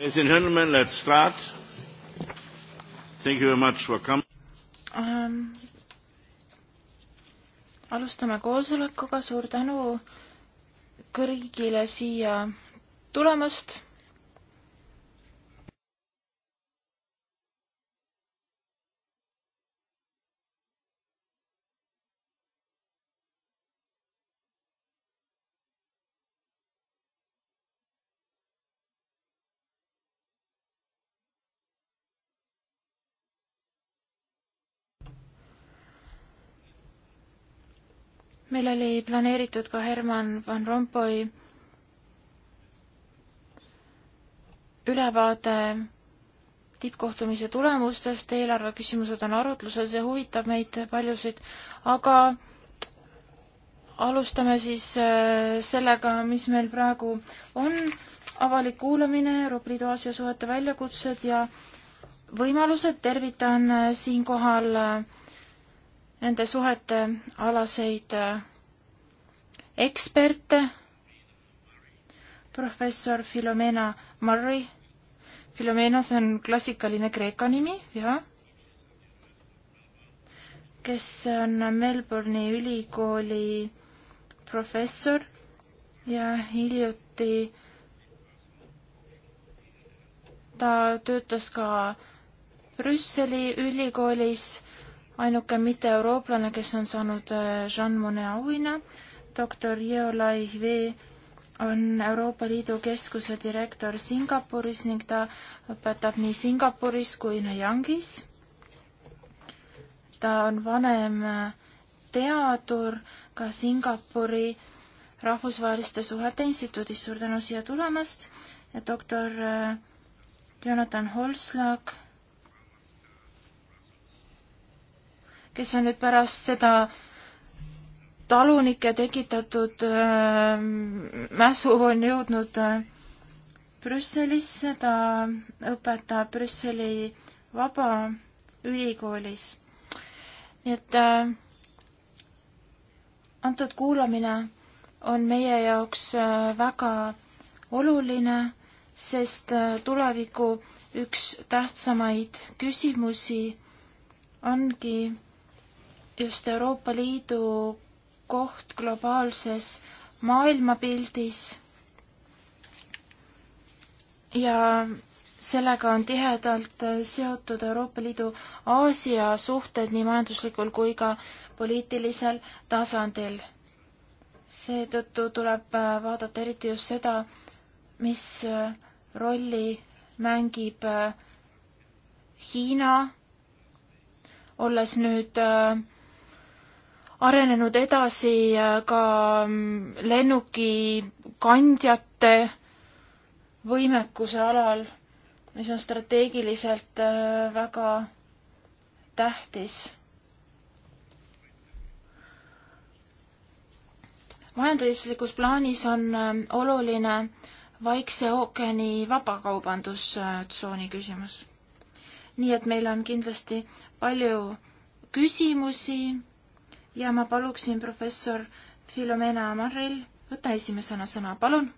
Ladies and gentlemen, let's start. Thank you very much for coming. Um, alustame koosolekuga, suur tänu kõigile siia tulemast meil oli planeeritud ka Herman Van Rompuy ülevaade tippkohtumise tulemustest, eelarve küsimused on arutlusel, see huvitab meid paljusid, aga alustame siis äh, sellega, mis meil praegu on, avalik kuulamine, Euroopa Liidu Aasia suhete väljakutsed ja võimalused, tervitan äh, siinkohal äh, nende suhete alaseid eksperte, professor Philomena Murray. Philomena, see on klassikaline kreeka nimi, jah. kes on Melbourne'i ülikooli professor ja hiljuti ta töötas ka Brüsseli ülikoolis, ainuke mitte-eurooplane, kes on saanud äh, Jean Monnet auhinna doktor Yeolai Hve on Euroopa Liidu keskuse direktor Singapuris ning ta õpetab nii Singapuris kui Nanyangis. ta on vanem teadur ka Singapuri rahvusvaheliste suhete instituudis. suur tänu siia tulemast ja doktor eh, Jonathan Holslag, kes on nüüd pärast seda talunike tekitatud äh, mässu on jõudnud äh, Brüsselisse, ta õpetab Brüsseli Vabaülikoolis. nii et äh, antud kuulamine on meie jaoks äh, väga oluline, sest äh, tuleviku üks tähtsamaid küsimusi ongi just Euroopa Liidu koht globaalses maailmapildis. ja sellega on tihedalt seotud Euroopa Liidu Aasia suhted nii majanduslikul kui ka poliitilisel tasandil. seetõttu tuleb vaadata eriti just seda, mis rolli mängib Hiina, olles nüüd äh, arenenud edasi äh, ka mm, lennukikandjate võimekuse alal, mis on strateegiliselt äh, väga tähtis. majanduslikus plaanis on äh, oluline Vaikse ookeani vabakaubandustsooni küsimus. nii et meil on kindlasti palju küsimusi ja ma paluksin professor Filomena Marrel võtta esimesena sõna, palun.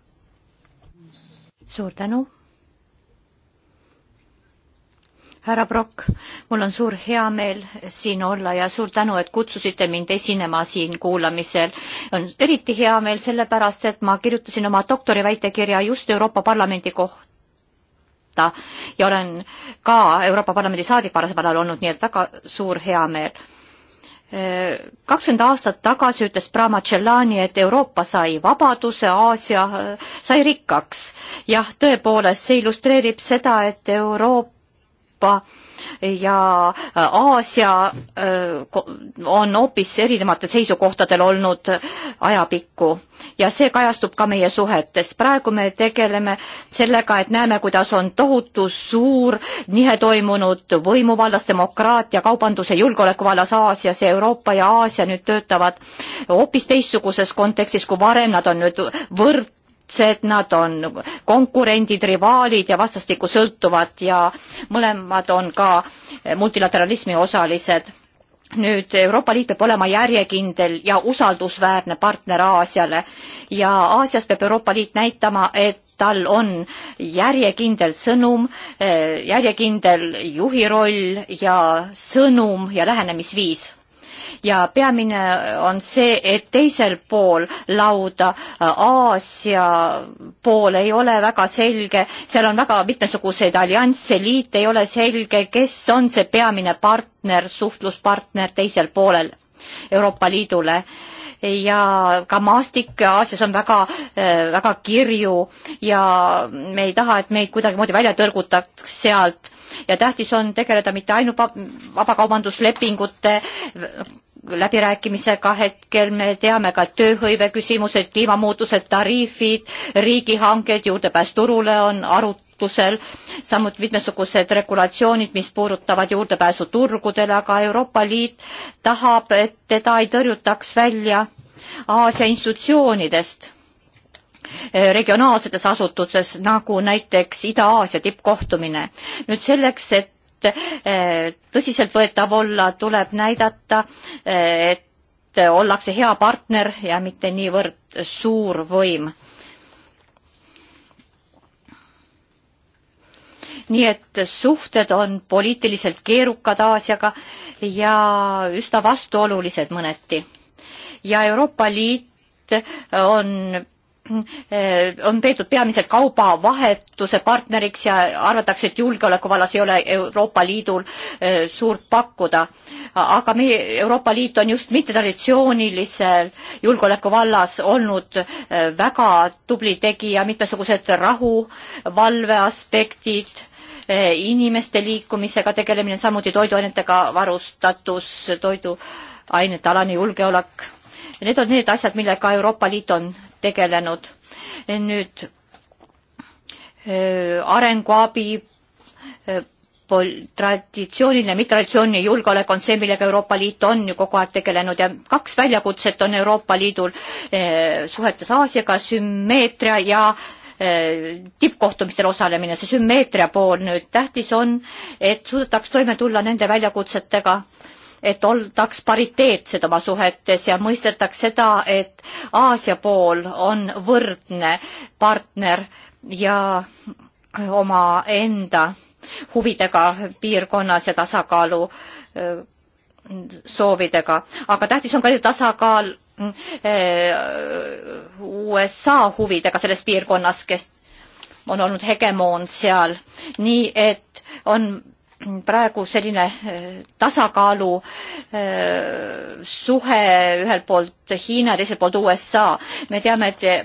suur tänu. härra Brock, mul on suur heameel siin olla ja suur tänu, et kutsusite mind esinema siin kuulamisel. on eriti hea meel sellepärast, et ma kirjutasin oma doktoriväitekirja just Euroopa Parlamendi kohta kohta ja olen ka Euroopa Parlamendi saadik varasemal ajal olnud, nii et väga suur heameel kakskümmend aastat tagasi ütles Brahmacellani, et Euroopa sai vabaduse, Aasia äh, sai rikkaks. jah, tõepoolest, see illustreerib seda, et Euroopa ja äh, Aasia äh, on hoopis erinevatel seisukohtadel olnud äh, ajapikku ja see kajastub ka meie suhetes. praegu me tegeleme sellega, et näeme, kuidas on tohutu suur nihe toimunud võimu vallas, demokraatia, kaubanduse, julgeoleku vallas Aasias ja Euroopa ja Aasia nüüd töötavad hoopis teistsuguses kontekstis kui varem, nad on nüüd võrd võrdsed, nad on konkurendid, rivaalid ja vastastikku sõltuvad ja mõlemad on ka multilateralismi osalised nüüd Euroopa Liit peab olema järjekindel ja usaldusväärne partner Aasiale ja Aasias peab Euroopa Liit näitama, et tal on järjekindel sõnum, eh, järjekindel juhi roll ja sõnum ja lähenemisviis ja peamine on see, et teisel pool lauda äh, Aasia pool ei ole väga selge, seal on väga mitmesuguseid alliansse, liit ei ole selge, kes on see peamine partner, suhtluspartner teisel poolel Euroopa Liidule ja ka maastik Aasias on väga, äh, väga kirju ja me ei taha, et meid kuidagimoodi välja tõrgutaks sealt ja tähtis on tegeleda mitte ainult vabakaubanduslepingute läbirääkimisega hetkel, me teame ka tööhõive küsimused, kliimamuutused, tariifid, riigihanked, juurdepääs turule on arutusel, samuti mitmesugused regulatsioonid, mis puudutavad juurdepääsu turgudele, aga Euroopa Liit tahab, et teda ei tõrjutaks välja Aasia institutsioonidest Eh, regionaalsetes asutustes, nagu näiteks Ida-Aasia tippkohtumine. nüüd selleks, et eh, tõsiseltvõetav olla, tuleb näidata, eh, et ollakse hea partner ja mitte niivõrd suur võim. nii et suhted on poliitiliselt keerukad Aasiaga ja üsna vastuolulised mõneti. ja Euroopa Liit on Eh, on peetud peamiselt kaubavahetuse partneriks ja arvatakse, et julgeoleku vallas ei ole Euroopa Liidul eh, suurt pakkuda. aga meie Euroopa Liit on just mittetraditsioonilisel julgeoleku vallas olnud eh, väga tubli tegija, mitmesugused rahuvalve aspektid, inimeste liikumisega tegelemine, samuti toiduainetega varustatus, toiduainete alane julgeolek Need on need asjad, millega Euroopa Liit on tegelenud. nüüd arenguabi, traditsiooniline, mittetraditsiooniline julgeolek on see, millega Euroopa Liit on ju kogu aeg tegelenud ja kaks väljakutset on Euroopa Liidul suhetes Aasiaga, sümmeetria ja tippkohtumistel osalemine, see sümmeetria pool nüüd tähtis on, et suudetaks toime tulla nende väljakutsetega et oldaks pariteetsed oma suhetes ja mõistetaks seda, et Aasia pool on võrdne partner ja omaenda huvidega piirkonnas ja tasakaalu äh, soovidega, aga tähtis on ka tasakaal äh, USA huvidega selles piirkonnas, kes on olnud hegemoon seal, nii et on praegu selline äh, tasakaalu äh, suhe ühelt poolt Hiina, teiselt poolt USA. me teame, et äh,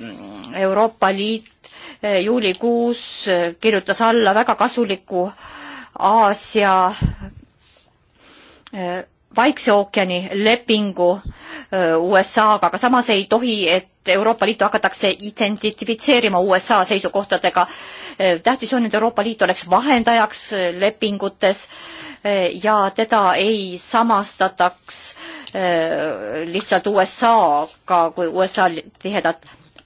Euroopa Liit juulikuus kirjutas alla väga kasuliku Aasia Vaikse ookeani lepingu USA-ga, aga samas ei tohi, et et Euroopa Liitu hakatakse identifitseerima USA seisukohtadega. tähtis on, et Euroopa Liit oleks vahendajaks lepingutes ja teda ei samastataks eh, lihtsalt USA-ga kui USA tihedad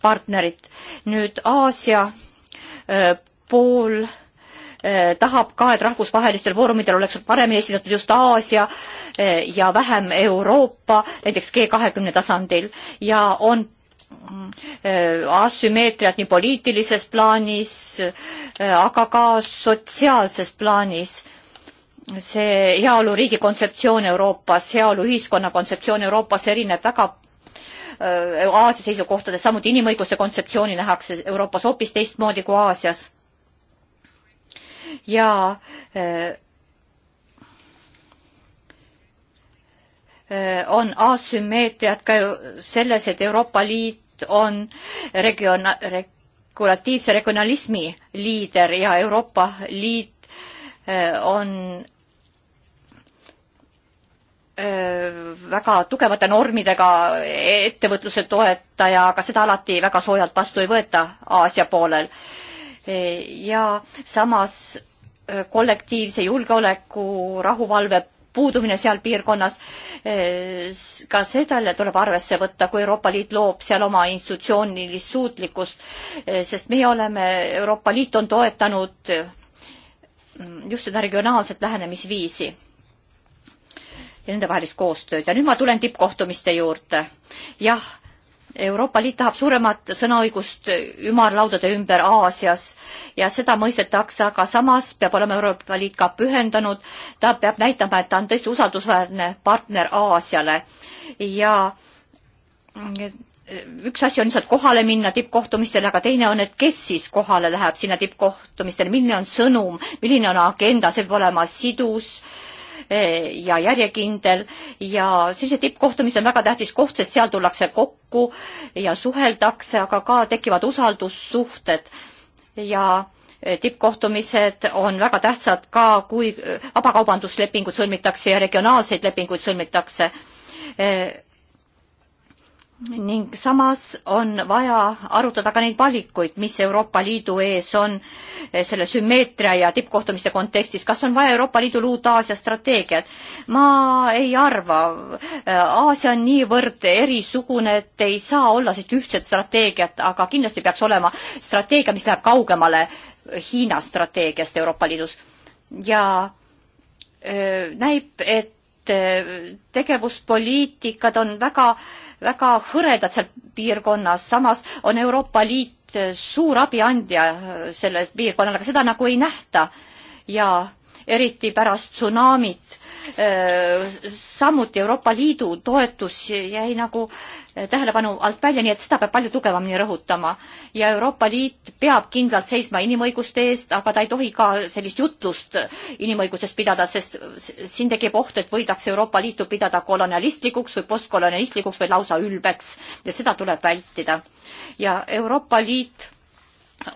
partnerid. nüüd Aasia eh, pool eh, tahab ka, et rahvusvahelistel foorumidel oleks paremini esindatud just Aasia ja vähem Euroopa, näiteks G kahekümne tasandil ja on Äh, asümmeetriat nii poliitilises plaanis, äh, aga ka sotsiaalses plaanis. see heaoluriigi kontseptsioon Euroopas, heaoluühiskonna kontseptsioon Euroopas erineb väga äh, Aasia seisukohtades, samuti inimõiguste kontseptsiooni nähakse Euroopas hoopis teistmoodi kui Aasias. ja on asümmeetriat ka selles, et Euroopa Liit Liit on regiona-, regulatiivse regionalismi liider ja Euroopa Liit eh, on eh, väga tugevate normidega ettevõtluse toetaja, aga seda alati väga soojalt vastu ei võeta Aasia poolel. Eh, ja samas kollektiivse julgeoleku rahuvalve puudumine seal piirkonnas. ka seda tuleb arvesse võtta, kui Euroopa Liit loob seal oma institutsioonilist suutlikkust, sest meie oleme, Euroopa Liit on toetanud just seda regionaalset lähenemisviisi ja nendevahelist koostööd ja nüüd ma tulen tippkohtumiste juurde. jah Euroopa Liit tahab suuremat sõnaõigust ümarlaudade ümber Aasias ja seda mõistetakse, aga samas peab olema Euroopa Liit ka pühendunud, ta peab näitama, et ta on tõesti usaldusväärne partner Aasiale ja mm, üks asi on lihtsalt kohale minna tippkohtumistele, aga teine on, et kes siis kohale läheb sinna tippkohtumistele, milline on sõnum, milline on agenda, see peab olema sidus äh, Eh, ja järjekindel ja sellise tippkohtumise on väga tähtis koht, sest seal tullakse kokku ja suheldakse, aga ka tekivad usaldussuhted ja eh, tippkohtumised on väga tähtsad ka, kui eh, vabakaubanduslepingud sõlmitakse ja regionaalseid lepinguid sõlmitakse ning samas on vaja arutada ka neid valikuid, mis Euroopa Liidu ees on eh, selle sümmeetria ja tippkohtumiste kontekstis. kas on vaja Euroopa Liidul uut Aasia strateegiat? ma ei arva. Eh, Aasia on niivõrd erisugune, et ei saa olla sellist ühtset strateegiat, aga kindlasti peaks olema strateegia, mis läheb kaugemale Hiina strateegiast Euroopa Liidus. ja öö, eh, näib, et tegevuspoliitikad on väga öö, väga hõredad seal piirkonnas, samas on Euroopa Liit suur abiandja äh, sellele piirkonnale, aga seda nagu ei nähta. ja eriti pärast tsunamit Äh, samuti Euroopa Liidu toetus jäi nagu äh, tähelepanu alt välja, nii et seda peab palju tugevamini rõhutama. ja Euroopa Liit peab kindlalt seisma inimõiguste eest, aga ta ei tohi ka sellist jutlust inimõigustest pidada, sest siin tekib oht, et võidakse Euroopa Liitu pidada kolonialistlikuks või postkolonialistlikuks või lausa ülbeks ja seda tuleb vältida. ja Euroopa Liit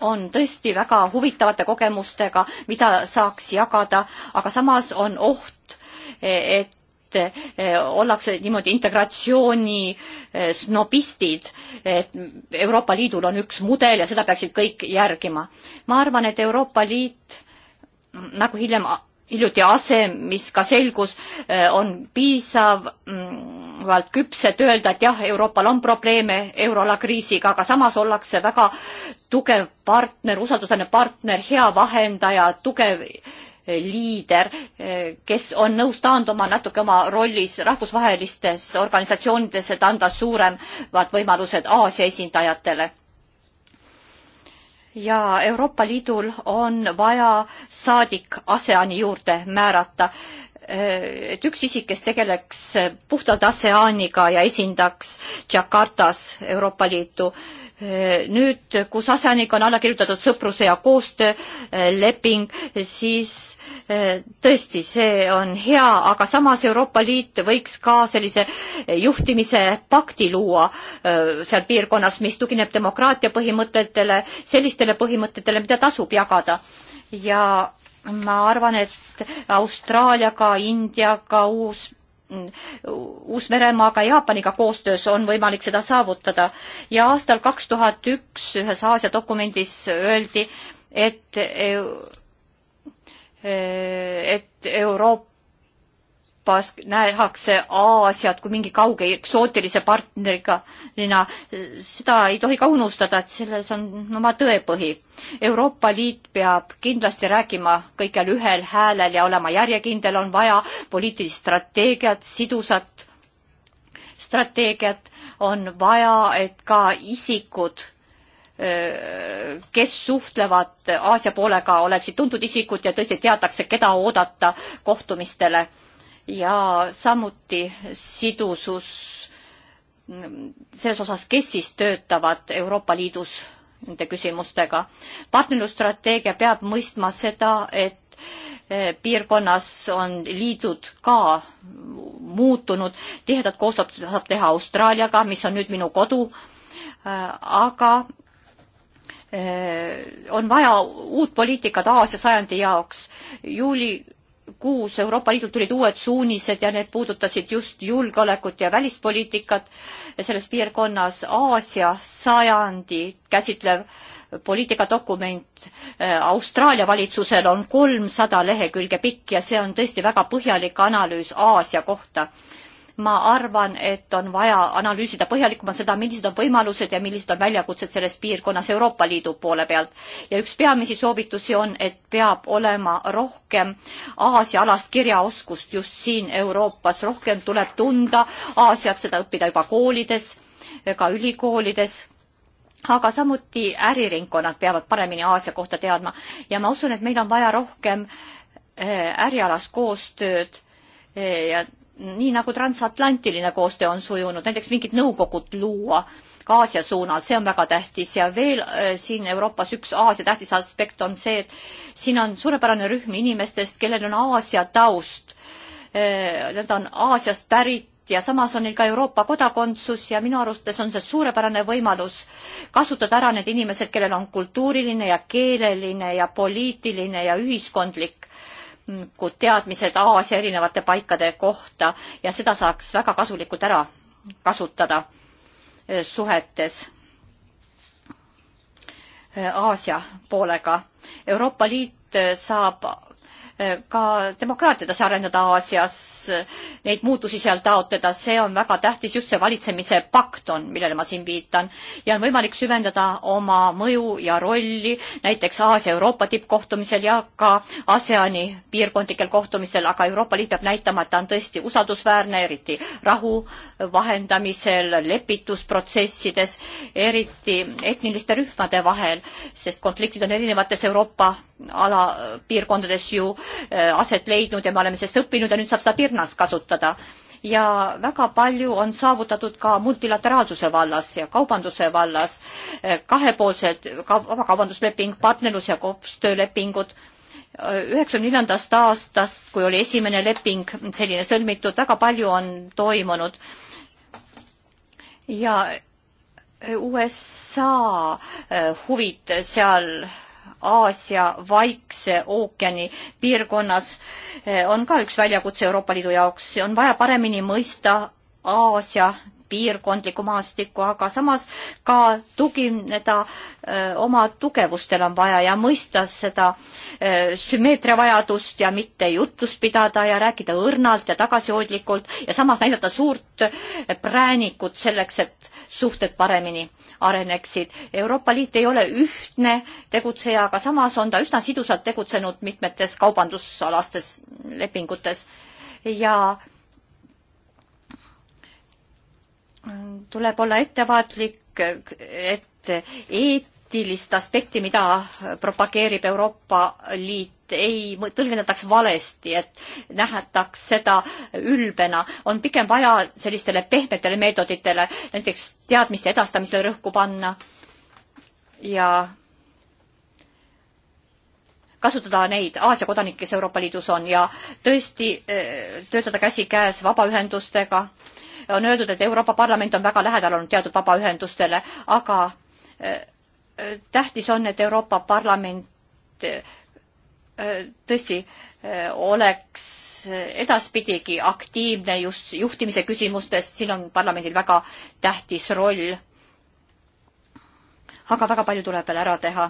on tõesti väga huvitavate kogemustega, mida saaks jagada, aga samas on oht et eh, ollakse niimoodi integratsiooni eh, snobistid, et Euroopa Liidul on üks mudel ja seda peaksid kõik järgima. ma arvan, et Euroopa Liit nagu hiljem hiljuti ase, mis ka selgus, eh, on piisavalt küps, et öelda, et jah, Euroopal on probleeme euroala kriisiga, aga samas ollakse väga tugev partner, usaldusväärne partner, hea vahendaja, tugev liider, kes on nõus taanduma natuke oma rollis rahvusvahelistes organisatsioonides, et anda suuremad võimalused Aasia esindajatele ja Euroopa Liidul on vaja saadik ASEAN-i juurde määrata. et üks isik, kes tegeleks puhtalt ASEAN-iga ja esindaks Jakartas Euroopa Liitu nüüd, kus asjanik on alla kirjutatud sõpruse ja koostööleping, siis eh, tõesti, see on hea, aga samas Euroopa Liit võiks ka sellise juhtimise pakti luua eh, seal piirkonnas, mis tugineb demokraatia põhimõtetele, sellistele põhimõtetele, mida tasub jagada. ja ma arvan, et Austraaliaga, Indiaga, uus Mm, Uus-Meremaaga, Jaapaniga koostöös on võimalik seda saavutada ja aastal kaks tuhat üks ühes Aasia dokumendis öeldi, et eh, et Euroopa Euroopas nähakse Aasiat kui mingi kauge eksootilise partneriga, seda ei tohi ka unustada, et selles on oma tõepõhi. Euroopa Liit peab kindlasti rääkima kõikjal ühel häälel ja olema järjekindel, on vaja poliitilist strateegiat, sidusat strateegiat, on vaja, et ka isikud kes suhtlevad Aasia poolega, oleksid tuntud isikud ja tõesti teatakse, keda oodata kohtumistele ja samuti sidusus selles osas, kes siis töötavad Euroopa Liidus nende küsimustega. partnerlusstrateegia peab mõistma seda, et eh, piirkonnas on liidud ka muutunud, tihedat koostööd saab teha Austraaliaga, mis on nüüd minu kodu, eh, aga eh, on vaja uut poliitikat Aasia sajandi jaoks. juuli kuus Euroopa Liidult tulid uued suunised ja need puudutasid just julgeolekut ja välispoliitikat selles piirkonnas. Aasia sajandi käsitlev poliitikadokument äh, Austraalia valitsusel on kolmsada lehekülge pikk ja see on tõesti väga põhjalik analüüs Aasia kohta ma arvan, et on vaja analüüsida põhjalikumalt seda, millised on võimalused ja millised on väljakutsed selles piirkonnas Euroopa Liidu poole pealt. ja üks peamisi soovitusi on, et peab olema rohkem Aasia-alast kirjaoskust just siin Euroopas, rohkem tuleb tunda Aasiat, seda õppida juba koolides, ka ülikoolides aga samuti äriringkonnad peavad paremini Aasia kohta teadma ja ma usun, et meil on vaja rohkem eh, ärialast koostööd eh, ja nii nagu transatlantiline koostöö on sujunud, näiteks mingid nõukogud luua ka Aasia suunal, see on väga tähtis ja veel äh, siin Euroopas üks Aasia tähtis aspekt on see, et siin on suurepärane rühm inimestest, kellel on Aasia taust. Äh, nad on Aasiast pärit ja samas on neil ka Euroopa kodakondsus ja minu arustes on see suurepärane võimalus kasutada ära need inimesed, kellel on kultuuriline ja keeleline ja poliitiline ja ühiskondlik äh, teadmised Aasia erinevate paikade kohta ja seda saaks väga kasulikult ära kasutada eh, suhetes eh, Aasia poolega. Euroopa Liit eh, saab Äh, ka demokraatiat edasi arendada Aasias, neid muutusi seal taotleda, see on väga tähtis, just see valitsemise pakt on, millele ma siin viitan. ja on võimalik süvendada oma mõju ja rolli näiteks Aasia-Euroopa tippkohtumisel ja ka ASEAN-i piirkondlikel kohtumisel, aga Euroopa Liit peab näitama, et ta on tõesti usaldusväärne, eriti rahu vahendamisel, lepitusprotsessides, eriti etniliste rühmade vahel, sest konfliktid on erinevates Euroopa alapiirkondades ju äh, aset leidnud ja me oleme sellest õppinud ja nüüd saab seda pirnas kasutada. ja väga palju on saavutatud ka multilateraalsuse vallas ja kaubanduse vallas, äh, kahepoolsed vabakaubandusleping, partnerlus ja koostöölepingud äh, üheksakümne neljandast aastast, kui oli esimene leping selline sõlmitud, väga palju on toimunud. ja USA huvid seal Aasia Vaikse ookeani piirkonnas eh, on ka üks väljakutse Euroopa Liidu jaoks, on vaja paremini mõista Aasia piirkondlikku maastikku, aga samas ka tugineda öö, eh, oma tugevustel on vaja ja mõista seda öö, eh, sümmeetria vajadust ja mitte jutust pidada ja rääkida õrnalt ja tagasihoidlikult ja samas näidata suurt präänikut selleks, et suhted paremini areneksid. Euroopa Liit ei ole ühtne tegutseja, aga samas on ta üsna sidusalt tegutsenud mitmetes kaubandusalastes lepingutes ja tuleb olla ettevaatlik, et eetilist aspekti, mida propageerib Euroopa Liit, ei tõlgendataks valesti, et nähetaks seda ülbena, on pigem vaja sellistele pehmetele meetoditele, näiteks teadmiste edastamisele rõhku panna ja kasutada neid Aasia kodanikke, kes Euroopa Liidus on ja tõesti äh, töötada käsikäes vabaühendustega. on öeldud, et Euroopa Parlament on väga lähedal olnud teatud vabaühendustele, aga äh, äh, tähtis on, et Euroopa Parlament Äh, tõesti äh, oleks edaspidigi aktiivne just juhtimise küsimustest, siin on parlamendil väga tähtis roll. aga väga palju tuleb veel ära teha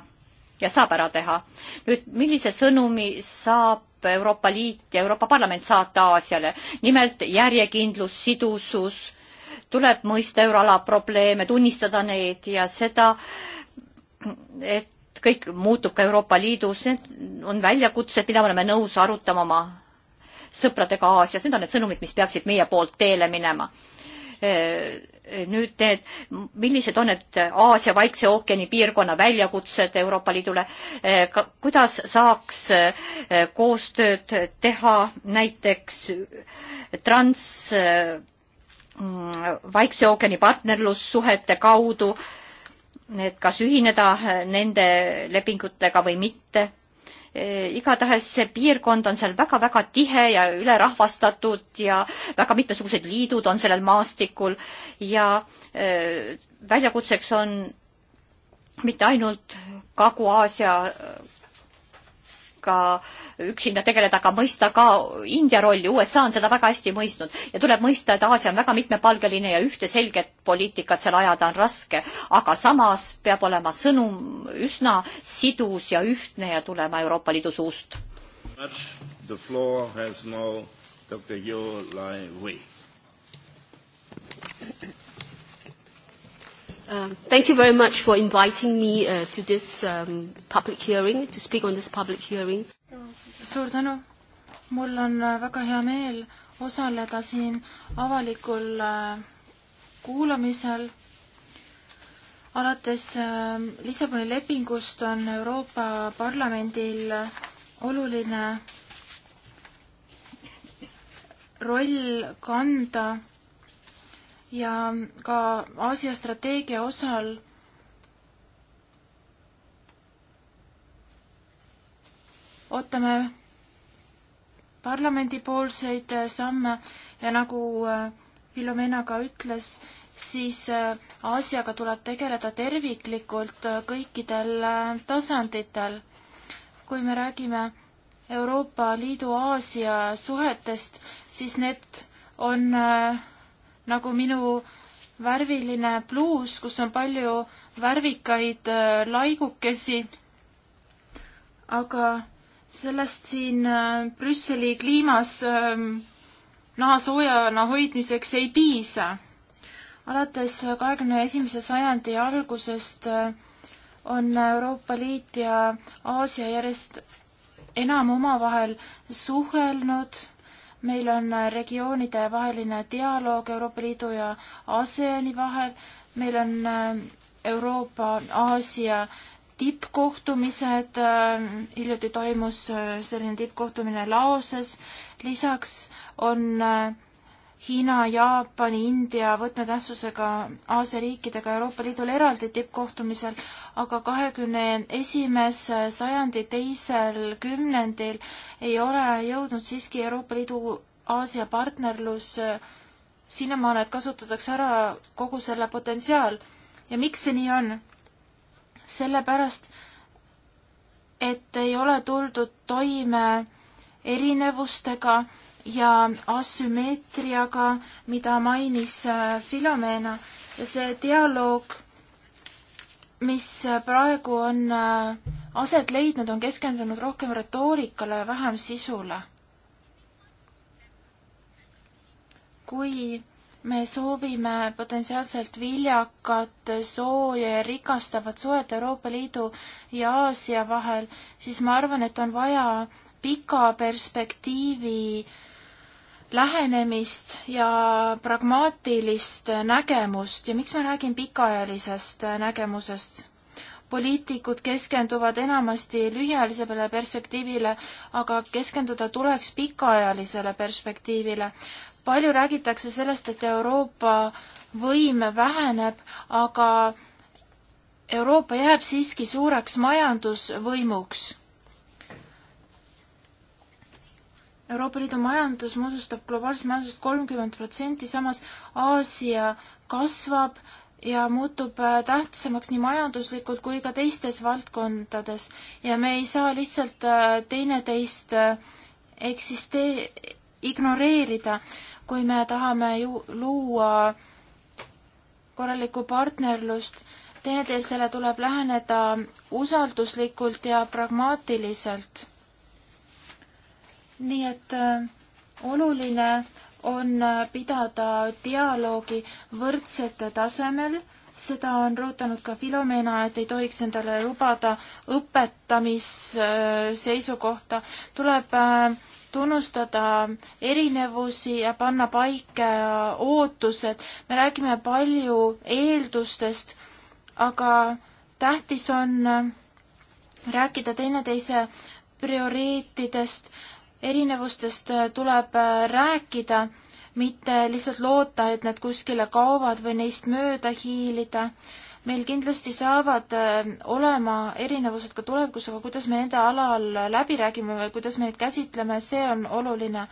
ja saab ära teha. nüüd, millise sõnumi saab Euroopa Liit ja Euroopa Parlament saata Aasiale? nimelt järjekindlus, sidusus, tuleb mõista euroala probleeme, tunnistada neid ja seda, et kõik muutub ka Euroopa Liidus, need on väljakutsed, mida me oleme nõus arutama oma sõpradega Aasias, need on need sõnumid, mis peaksid meie poolt teele minema. Nüüd need, millised on need Aasia Vaikse ookeani piirkonna väljakutsed Euroopa Liidule, kuidas saaks koostööd teha näiteks trans Vaikse ookeani partnerlussuhete kaudu äh, et kas ühineda äh, nende lepingutega või mitte. Äh, igatahes see piirkond on seal väga-väga tihe ja ülerahvastatud ja väga mitmesugused liidud on sellel maastikul ja äh, väljakutseks on mitte ainult Kagu-Aasia ka üksinda tegeleda, aga mõista ka India rolli. USA on seda väga hästi mõistnud ja tuleb mõista, et Aasia on väga mitmepalgeline ja ühte selget poliitikat seal ajada on raske, aga samas peab olema sõnum üsna sidus ja ühtne ja tulema Euroopa Liidu suust. The floor has now Dr. Yo Lai Wei. Um, thank you very much for inviting me uh, to this um, public hearing, to speak on this public hearing. suur tänu. mul on uh, väga hea meel osaleda siin avalikul äh, kuulamisel. alates äh, Lissaboni lepingust on Euroopa Parlamendil oluline roll kanda ja ka Aasia strateegia osal ootame parlamendipoolseid samme ja nagu äh, Filomena ka ütles, siis äh, Aasiaga tuleb tegeleda terviklikult äh, kõikidel tasanditel. kui me räägime Euroopa Liidu Aasia suhetest, siis need on äh, nagu minu värviline pluus, kus on palju värvikaid äh, laigukesi. aga sellest siin äh, Brüsseli kliimas ähm, naha soojana hoidmiseks ei piisa. alates kahekümne esimese sajandi algusest äh, on Euroopa Liit ja Aasia järjest enam omavahel suhelnud meil on äh, regioonide vaheline dialoog Euroopa Liidu ja ASEAN-i vahel, meil on äh, Euroopa-Aasia tippkohtumised, äh, hiljuti toimus selline tippkohtumine Laoses, lisaks on äh, Hiina, Jaapani, India võtmetähtsusega Aasia riikidega Euroopa Liidul eraldi tippkohtumisel, aga kahekümne esimes sajandi teisel kümnendil ei ole jõudnud siiski Euroopa Liidu Aasia partnerlus eh, sinnamaale, et kasutatakse ära kogu selle potentsiaal. ja miks see nii on? sellepärast, et ei ole tuldud toime erinevustega ja asümmeetriaga, mida mainis äh, Filomena ja see dialoog, mis äh, praegu on äh, aset leidnud, on keskendunud rohkem retoorikale ja vähem sisule. kui me soovime potentsiaalselt viljakat, sooja ja rikastavat suhet Euroopa Liidu ja Aasia vahel, siis ma arvan, et on vaja pika perspektiivi äh, lähenemist ja pragmaatilist nägemust ja miks ma räägin pikaajalisest nägemusest? poliitikud keskenduvad enamasti lühiajalisele perspektiivile, aga keskenduda tuleks pikaajalisele perspektiivile. palju räägitakse sellest, et Euroopa võim väheneb, aga Euroopa jääb siiski suureks majandusvõimuks Euroopa Liidu majandus moodustab globaalsest majandusest kolmkümmend protsenti, samas Aasia kasvab ja muutub äh, tähtsamaks nii majanduslikult kui ka teistes valdkondades ja me ei saa lihtsalt äh, teineteist äh, eksistee-, ignoreerida, kui me tahame ju luua korralikku partnerlust. teineteisele tuleb läheneda usalduslikult ja pragmaatiliselt nii et äh, oluline on äh, pidada dialoogi võrdsete tasemel, seda on rõhutanud ka Filomena, et ei tohiks endale lubada õpetamisseisukohta äh,, tuleb äh, tunnustada erinevusi ja panna paika ootused. me räägime palju eeldustest, aga tähtis on äh, rääkida teineteise prioriteetidest erinevustest äh, tuleb äh, rääkida, mitte lihtsalt loota, et nad kuskile kaovad või neist mööda hiilida. meil kindlasti saavad äh, olema erinevused ka tulevikus, aga kuidas me nende alal läbi räägime või kuidas me neid käsitleme, see on oluline.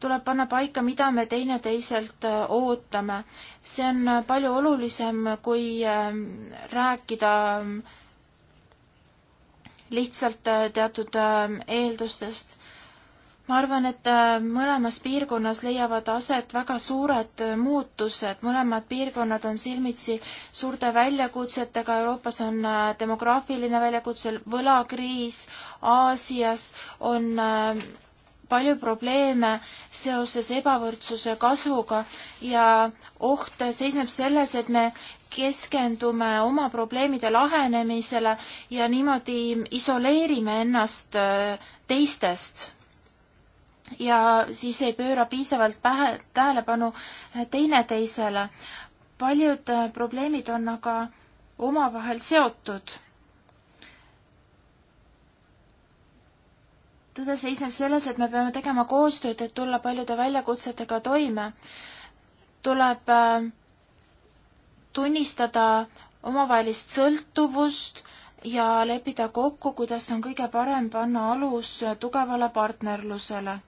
tuleb panna paika, mida me teineteiselt ootame. see on palju olulisem, kui ähm, rääkida ähm, lihtsalt teatud ähm, eeldustest ma arvan, et äh, mõlemas piirkonnas leiavad aset väga suured äh, muutused, mõlemad piirkonnad on silmitsi suurte väljakutsetega, Euroopas on äh, demograafiline väljakutse, võlakriis, Aasias on palju probleeme seoses ebavõrdsuse kasvuga ja oht seisneb selles, et me keskendume oma probleemide lahenemisele ja niimoodi isoleerime ennast teistest ja siis ei pööra piisavalt pähe, tähelepanu eh, teineteisele. paljud eh, probleemid on aga omavahel seotud. tõde seisneb selles, et me peame tegema koostööd, et tulla paljude väljakutsetega toime. tuleb eh, tunnistada omavahelist sõltuvust ja leppida kokku, kuidas on kõige parem panna alus tugevale partnerlusele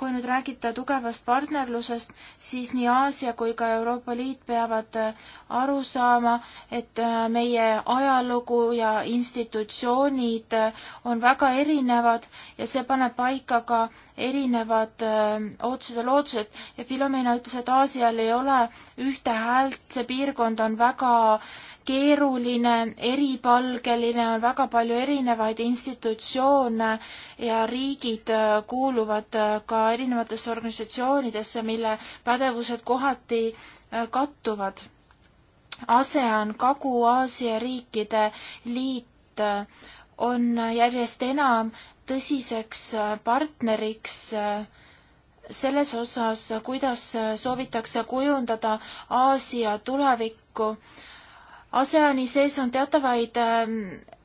kui nüüd räägite tugevast partnerlusest, siis nii Aasia kui ka Euroopa Liit peavad äh, aru saama, et äh, meie ajalugu ja institutsioonid äh, on väga erinevad ja see paneb paika ka erinevad ootused ja lootused ja Filomena ütles, et Aasial ei ole ühte häält, see piirkond on väga keeruline, eripalgeline, on väga palju erinevaid institutsioone ja riigid äh, kuuluvad äh, ka erinevatesse organisatsioonidesse, mille pädevused kohati äh, kattuvad. ASEAN, Kagu-Aasia riikide liit on järjest enam tõsiseks partneriks selles osas, kuidas soovitakse kujundada Aasia tulevikku. ASEAN-i sees on teatavaid ähm,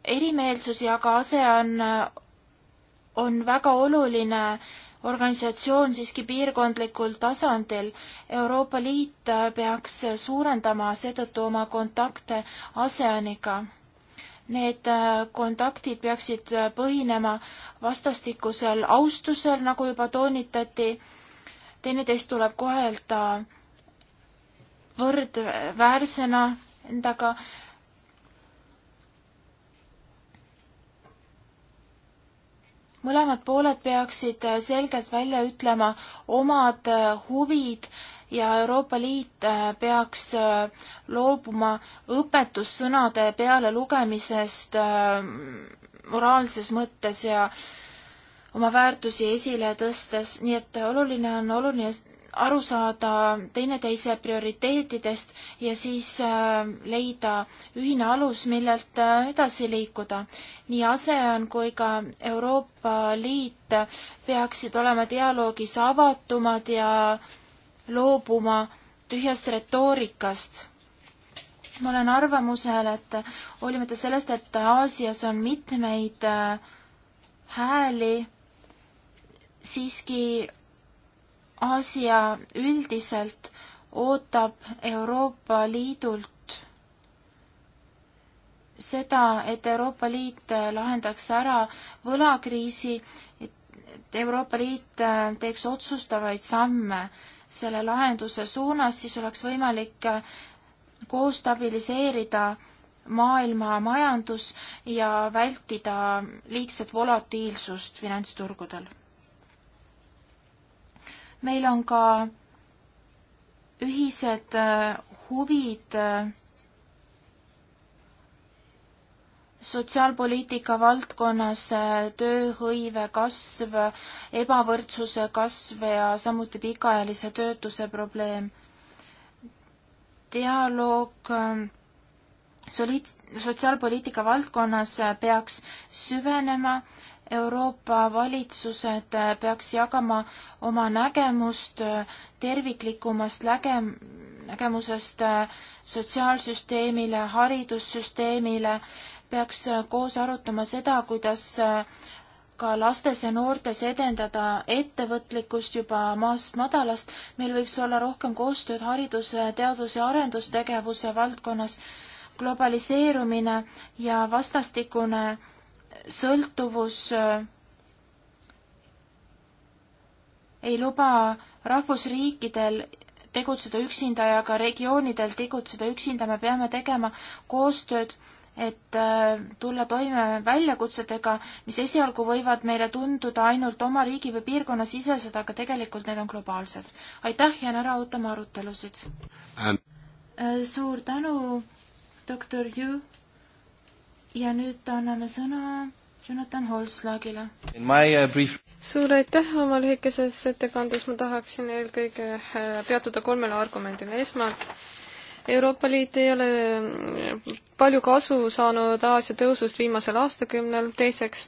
erimeelsusi, aga ASEAN äh, on väga oluline organisatsioon siiski piirkondlikul tasandil. Euroopa Liit äh, peaks suurendama seetõttu oma kontakte ASEANiga. Need äh, kontaktid peaksid põhinema vastastikusel austusel, nagu juba toonitati. teineteist tuleb kohelda võrdväärsena endaga. mõlemad pooled peaksid selgelt välja ütlema omad huvid ja Euroopa Liit peaks loobuma õpetussõnade peale lugemisest ähm, moraalses mõttes ja oma väärtusi esile tõstes, nii et oluline on oluline aru saada teineteise prioriteetidest ja siis äh, leida ühine alus, millelt äh, edasi liikuda. nii ASEAN kui ka Euroopa Liit peaksid olema dialoogis avatumad ja loobuma tühjast retoorikast. ma olen arvamusel, et hoolimata sellest, et Aasias on mitmeid äh, hääli, siiski Aasia üldiselt ootab Euroopa Liidult seda, et Euroopa Liit lahendaks ära võlakriisi, et Euroopa Liit teeks otsustavaid samme selle lahenduse suunas, siis oleks võimalik koos stabiliseerida maailma majandus ja vältida liigset volatiilsust finantsturgudel meil on ka ühised äh, huvid äh, sotsiaalpoliitika valdkonnas äh, tööhõive kasv, ebavõrdsuse kasv ja samuti pikaajalise töötuse probleem. dialoog soliid-, sotsiaalpoliitika valdkonnas peaks süvenema Euroopa valitsused äh, peaks jagama oma nägemust äh, terviklikumast läge-, nägemusest äh, sotsiaalsüsteemile, haridussüsteemile, peaks koos arutama seda, kuidas ka lastes ja noortes edendada ettevõtlikkust juba maast madalast. meil võiks olla rohkem koostööd hariduse, teadus- ja arendustegevuse valdkonnas. globaliseerumine ja vastastikune sõltuvus äh, ei luba rahvusriikidel tegutseda üksinda ja ka regioonidel tegutseda üksinda, me peame tegema koostööd, et äh, tulla toime väljakutsetega, mis esialgu võivad meile tunduda ainult oma riigi või piirkonna sisesed, aga tegelikult need on globaalsed. aitäh, jään ära ootama arutelusid And.... Ähm. Äh, suur tänu, doktor Yu ja nüüd anname sõna Jonathan Holslagile. Uh, brief... suur aitäh oma lühikeses ettekandes, ma tahaksin eelkõige äh, peatuda kolmele argumendile. esmalt, Euroopa Liit ei ole äh, palju kasu saanud Aasia tõusust viimasel aastakümnel, teiseks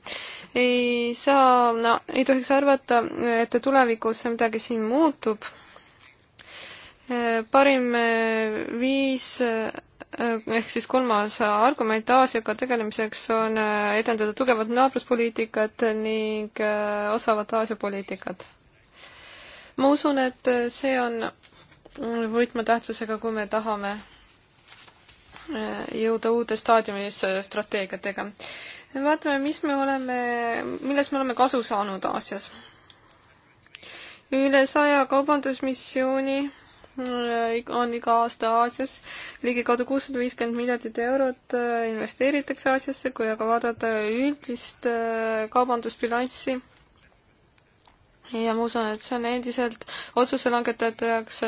ei saa no,, ei tohiks arvata, et tulevikus midagi siin muutub. Äh, parim viis Äh, ehk siis kolmas argument Aasiaga tegelemiseks on äh, edendada tugevat naabruspoliitikat ning äh, osavat Aasia poliitikat. ma usun, et see on võtmetähtsusega, kui me tahame jõuda uude staadiumisse strateegiatega. vaatame, mis me oleme, millest me oleme kasu saanud Aasias. üle saja kaubandusmissiooni Äh, on iga aasta Aasias. ligikaudu kuussada viiskümmend miljardit eurot äh, investeeritakse Aasiasse, kui aga vaadata üldist äh, kaubandusbilanssi, ja ma usun, et see on endiselt otsuse langetajate jaoks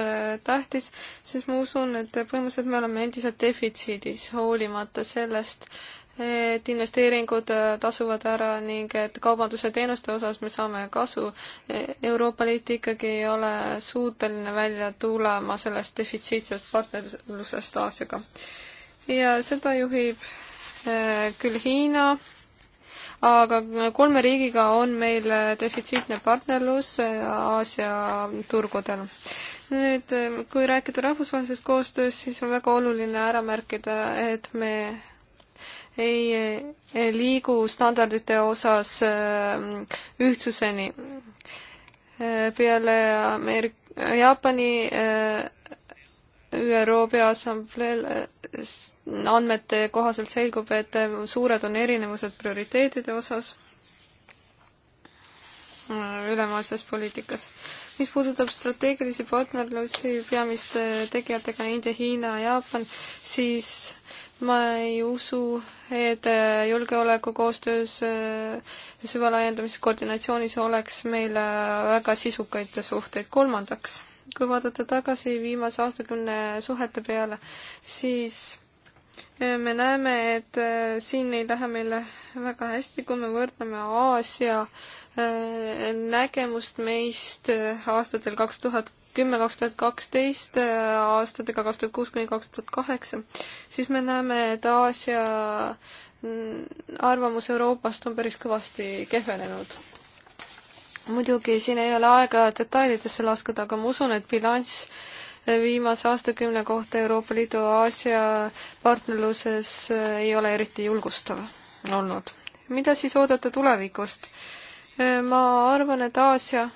tähtis, sest ma usun, et põhimõtteliselt me oleme endiselt defitsiidis, hoolimata sellest äh,, et investeeringud äh, tasuvad ära ning et kaubanduse teenuste osas me saame kasu. Euroopa Liit ikkagi ei ole suuteline välja tulema sellest defitsiitsest partnerlusest Aasiaga. ja seda juhib äh, küll Hiina, aga kolme riigiga on meil äh, defitsiitne partnerlus Aasia turgudel nüüd, kui rääkida rahvusvahelisest koostööst, siis on väga oluline ära märkida, et me ei liigu standardite osas ähm, ühtsuseni. Äh, peale Ameerik-, Jaapani äh, ÜRO Peaassambleel äh, andmete kohaselt selgub, et suured on erinevused prioriteetide osas ülemaailmses poliitikas. mis puudutab strateegilisi partnerlusi peamiste tegijatega India, Hiina, Jaapan, siis ma ei usu, et äh, julgeolekukoostöös äh, süvalaiendamises koordinatsioonis oleks meil äh, väga sisukaid suhteid. kolmandaks, kui vaadata tagasi viimase aastakümne suhete peale, siis me näeme, et siin ei lähe meil väga hästi, kui me võrdleme Aasia nägemust meist aastatel kaks tuhat kümme, kaks tuhat kaksteist aastatega kaks tuhat kuus kuni kaks tuhat kaheksa, siis me näeme, et Aasia mm, arvamus Euroopast on päris kõvasti kehvenenud. muidugi siin ei ole aega detailidesse laskuda, aga ma usun, et bilanss eh, viimase aastakümne kohta Euroopa Liidu Aasia partnerluses eh, ei ole eriti julgustav olnud. mida siis oodata tulevikust? Eh, ma arvan, et Aasia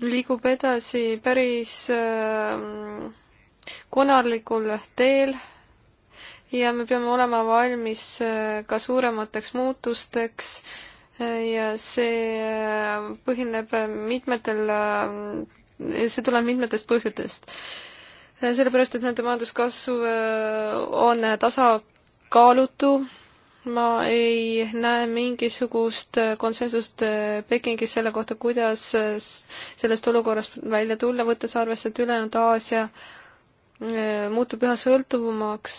liigub edasi päris ähm, konarlikul teel ja me peame olema valmis äh, ka suuremateks muutusteks äh, ja see äh, põhineb mitmetel, see tuleb mitmetest põhjustest. sellepärast, et nende majanduskasv on tasakaalutu ma ei näe mingisugust konsensust Pekingis selle kohta, kuidas sellest olukorrast välja tulla, võttes arvesse, et ülejäänud Aasia eh, muutub üha sõltuvamaks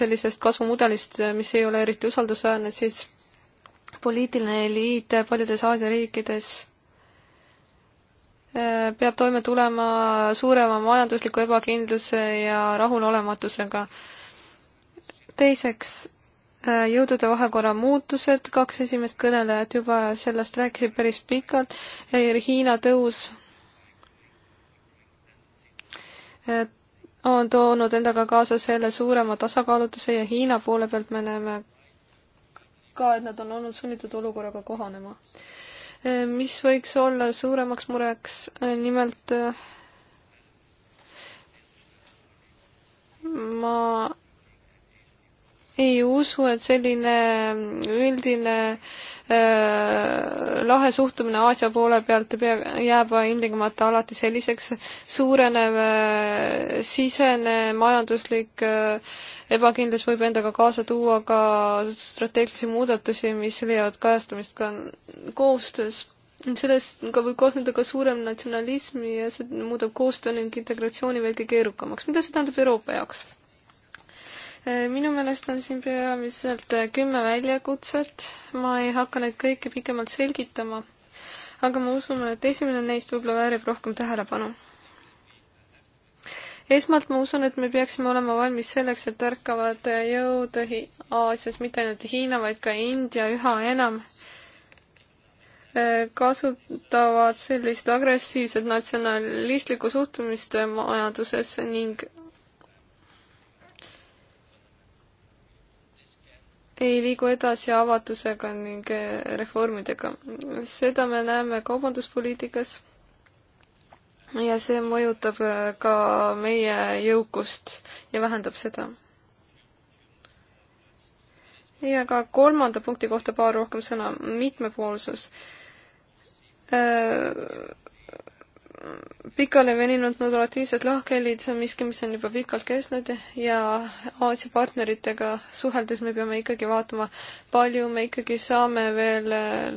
sellisest kasvumudelist, mis ei ole eriti usaldusväärne, siis poliitiline eliit paljudes Aasia riikides eh, peab toime tulema suurema majandusliku ebakindluse ja rahulolematusega. teiseks Äh, jõudude vahekorra muutused, kaks esimest kõnelejat juba sellest rääkisid päris pikalt, Hiina äh, tõus äh, on toonud endaga kaasa selle suurema tasakaalutuse ja Hiina poole pealt me näeme ka, et nad on olnud sunnitud olukorraga kohanema. mis võiks olla suuremaks mureks, nimelt ma ei usu, et selline üldine äh, lahe suhtumine Aasia poole pealt pea, jääb ilmtingimata alati selliseks, suurenev äh, sisene majanduslik äh, ebakindlus võib endaga kaasa tuua ka strateegilisi muudatusi, mis leiavad kajastamist ka koostöös sellest ka võib koosneda ka suurem natsionalismi ja see muudab koostöö ning integratsiooni veelgi keerukamaks. mida see tähendab Euroopa jaoks? Äh, minu meelest on siin peamiselt äh, kümme väljakutset, ma ei hakka neid kõiki pikemalt selgitama, aga ma usun, et esimene neist võib-olla väärib rohkem tähelepanu. esmalt ma usun, et me peaksime olema valmis selleks, et ärkavad äh, jõud Aasias, mitte ainult Hiina, vaid ka India üha enam kasutavad sellist agressiivset natsionalistlikku suhtumist majandusesse ning ei liigu edasi avatusega ning eh, reformidega. seda me näeme kaubanduspoliitikas ja see mõjutab eh, ka meie jõukust ja vähendab seda. ja ka kolmanda punkti kohta paar rohkem sõna, mitmepoolsus eh, pikale veninud normatiivsed lahkhelid, see on miski, mis on juba pikalt kestnud ja Aasia partneritega suheldes me peame ikkagi vaatama, palju me ikkagi saame veel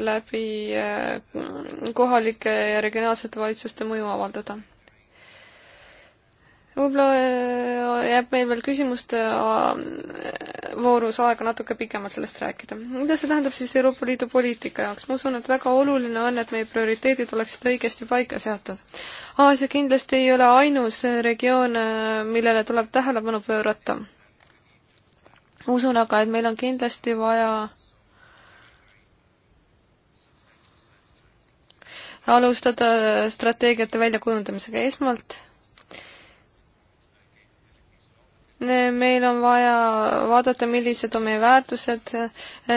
läbi eh, kohalike ja regionaalsete valitsuste mõju avaldada. võib-olla eh, jääb meil veel küsimuste eh, voorus aega natuke pikemalt sellest rääkida. mida see tähendab siis Euroopa Liidu poliitika jaoks? ma usun, et väga oluline on, et meie prioriteedid oleksid õigesti paika seatud. Aasia kindlasti ei ole ainus regioon, millele tuleb tähelepanu pöörata. usun aga, et meil on kindlasti vaja alustada strateegiate väljakujundamisega esmalt meil on vaja vaadata, millised on meie väärtused,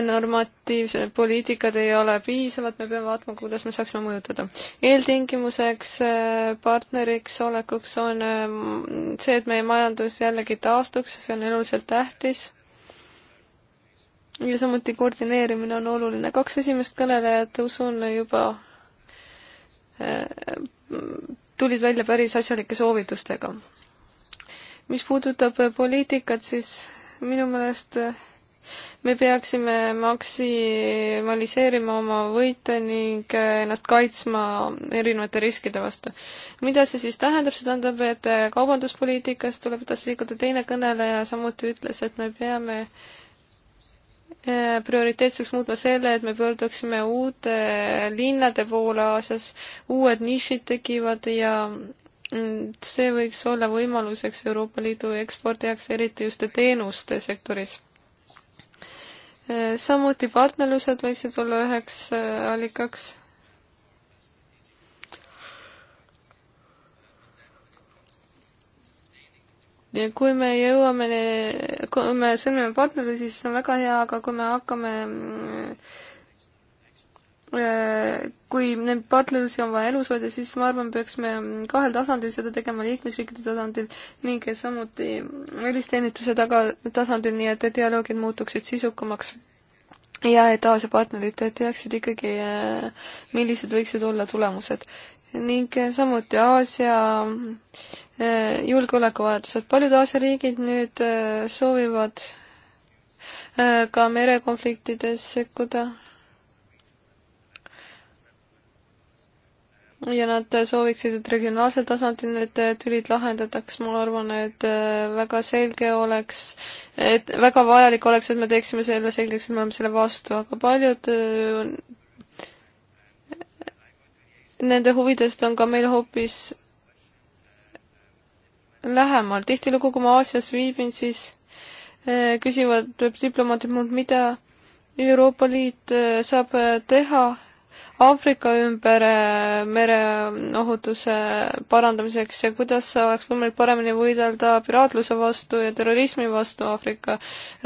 normatiivsed poliitikad ei ole piisavad, me peame vaatama, kuidas me saaksime mõjutada. eeltingimuseks äh, partneriks olekuks on äh, see, et meie majandus jällegi taastuks, see on eluliselt tähtis. ja samuti koordineerimine on oluline. kaks esimest kõnelejat, usun, juba äh, tulid välja päris asjalike soovitustega mis puudutab äh, poliitikat, siis minu meelest äh, me peaksime maksimaliseerima oma võite ning äh, ennast kaitsma erinevate riskide vastu. mida see siis tähendab, see tähendab, et kaubanduspoliitikas tuleb edasi liikuda, teine kõneleja samuti ütles, et me peame prioriteetseks muutma selle, et me pöörduksime uute linnade poole Aasias, uued nišid tekivad ja see võiks olla võimaluseks Euroopa Liidu ekspordi jaoks, eriti just teenuste sektoris. samuti partnerlused võiksid olla üheks äh, allikaks. ja kui me jõuame, kui me sõlmime partnerlusi, siis on väga hea, aga kui me hakkame mm, kui neid partnerlusi on vaja elus hoida, siis ma arvan, peaks me kahel tasandil seda tegema, liikmesriikide tasandil ning samuti välisteenistuse taga, tasandil, nii et dialoogid muutuksid sisukamaks. ja et Aasia partnerid teaksid ikkagi, äh, millised võiksid olla tulemused. ning äh, samuti Aasia äh, julgeolekuvajadused, paljud Aasia riigid nüüd soovivad ka merekonfliktides sekkuda ja nad sooviksid, et regionaalsel tasandil need tülid lahendataks, ma arvan, et äh, väga selge oleks, et väga vajalik oleks, et me teeksime selle selgeks, et me oleme selle vastu, aga paljud äh, nende huvidest on ka meil hoopis lähemal. tihtilugu, kui ma Aasias viibin, siis äh, küsivad diplomaadid mult, mida Euroopa Liit saab teha Aafrika ümber äh, mereohutuse parandamiseks ja kuidas oleks võimalik paremini võidelda piraatluse vastu ja terrorismi vastu Aafrika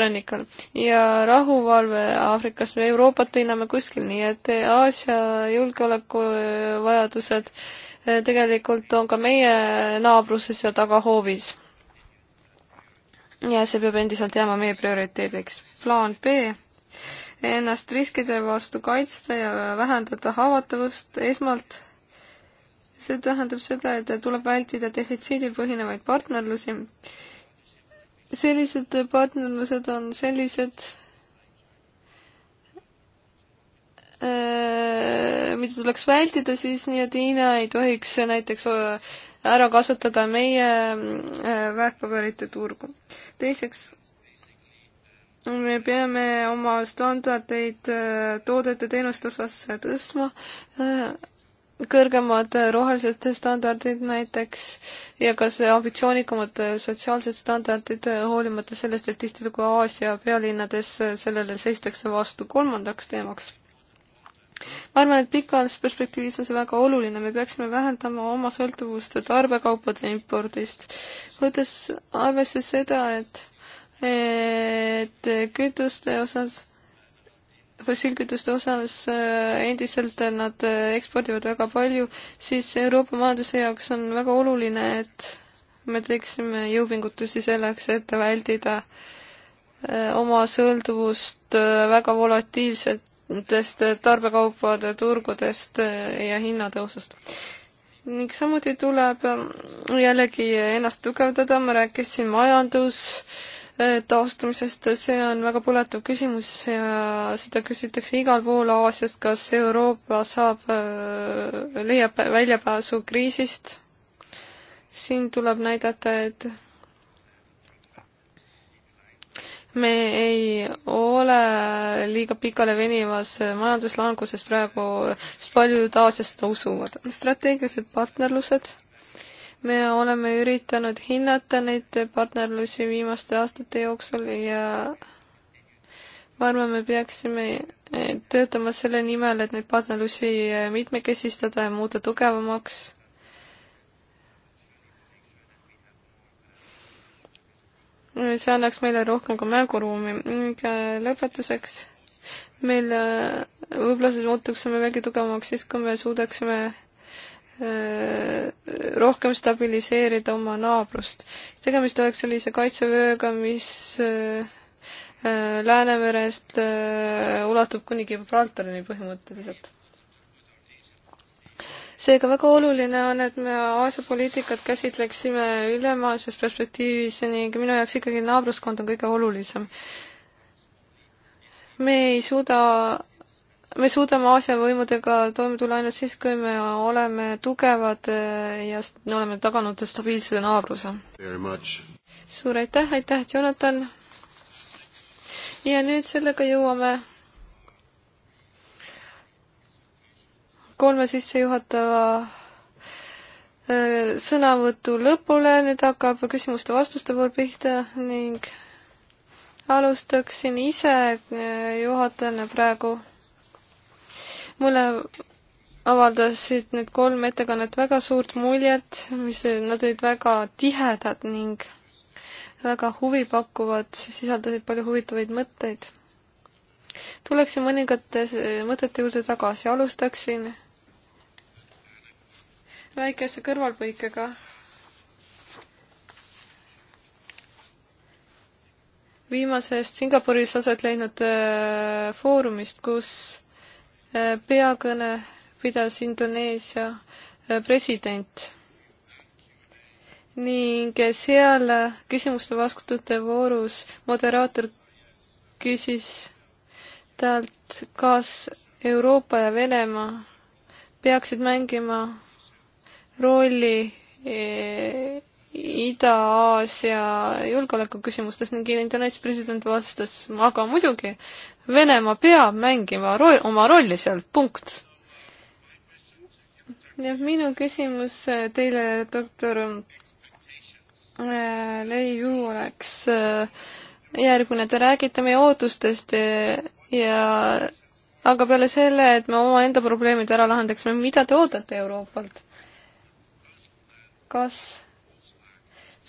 rannikul. ja rahuvalve Aafrikas, me Euroopat hindame kuskil, nii et Aasia julgeolekuvajadused äh, tegelikult on ka meie naabruses ja tagahoovis. ja see peab endiselt jääma meie prioriteediks. plaan B ennast riskide vastu kaitsta ja vähendada haavatavust esmalt. see tähendab seda, et tuleb vältida defitsiidil põhinevaid partnerlusi. sellised partnerlused on sellised, äh, mida tuleks vältida siis, nii et Hiina ei tohiks näiteks ära kasutada meie äh, väärtpaberite turgu. teiseks me peame oma standardeid äh, toodete teenuste osas äh, tõstma, äh, kõrgemad rohelised standardid näiteks ja ka see ambitsioonikamad sotsiaalsed standardid, hoolimata sellest, et tihtilugu Aasia pealinnades sellele seistakse vastu kolmandaks teemaks. ma arvan, et pikaajalises perspektiivis on see väga oluline, me peaksime vähendama oma sõltuvust tarbekaupade impordist, võttes arvesse seda, et et kütuste osas, fossiilkütuste osas äh, endiselt nad äh, ekspordivad väga palju, siis Euroopa majanduse jaoks on väga oluline, et me teeksime jõupingutusi selleks, et vältida äh, oma sõltuvust väga volatiilsetest tarbekaupade turgudest ja hinnatõusust ning samuti tuleb jällegi ennast tugevdada, ma rääkisin majandus Äh, taastumisest, see on väga põletav küsimus ja seda küsitakse igal pool Aasias, kas Euroopa saab, äh, leiab väljapääsu kriisist. siin tuleb näidata, et me ei ole liiga pikale venivas majanduslanguses praegu, sest paljud Aasiast usuvad. strateegilised partnerlused me oleme üritanud hinnata neid partnerlusi viimaste aastate jooksul ja ma arvan, me peaksime eh, töötama selle nimel, et neid partnerlusi eh, mitmekesistada ja muuta tugevamaks see annaks meile rohkem ka mänguruumi. Eh, lõpetuseks, meil võib-olla siis muutuksime veelgi tugevamaks siis, kui me suudaksime Äh, rohkem stabiliseerida oma naabrust. tegemist oleks sellise kaitsevööga, mis äh, äh, Läänemerest ulatub kuni Gibraltarini põhimõtteliselt. seega väga oluline on, et me Aasia poliitikat käsitleksime ülemaailmses perspektiivis ning minu jaoks ikkagi naabruskond on kõige olulisem. me ei suuda me suudame Aasia võimudega toime tulla ainult siis, kui me oleme tugevad eh, ja me oleme taganud stabiilsuse naabruse. suur aitäh, aitäh, Jonathan! ja nüüd sellega jõuame kolme sissejuhatava eh, sõnavõtu lõpule, nüüd hakkab küsimuste-vastuste pool pihta ning alustaksin ise eh, juhatajana praegu mulle avaldasid need kolm ettekannet väga suurt muljet, mis, nad olid väga tihedad ning väga huvipakkuvad, sisaldasid palju huvitavaid mõtteid. tuleksin mõningate mõtete juurde tagasi, alustaksin väikese kõrvalpõikega. viimasest Singapuris aset leidnud äh, foorumist, kus peakõne pidas Indoneesia äh, president ning seal äh, küsimuste-vastutute voorus moderaator küsis talt, kas Euroopa ja Venemaa peaksid mängima rolli äh, Ida-Aasia julgeolekuküsimustes ning Indoneesia president vastas, aga muidugi, Venemaa peab mängima ro oma rolli seal, punkt. nii et minu küsimus äh, teile, doktor äh, Leiu, oleks äh, järgmine, te räägite meie ootustest ja aga peale selle, et me omaenda probleemid ära lahendaksime, mida te ootate Euroopalt? kas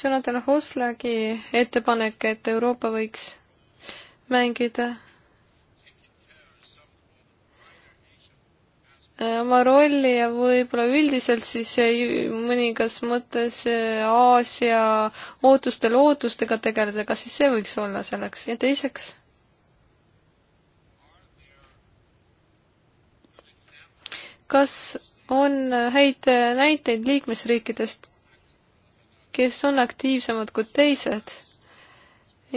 Jonathan Hoslagi ettepanek, et Euroopa võiks mängida Äh, oma rolli ja võib-olla üldiselt siis äh, mõningas mõttes äh, Aasia ootuste-lootustega tegeleda, kas siis see võiks olla selleks ja teiseks? kas on häid näiteid liikmesriikidest, kes on aktiivsemad kui teised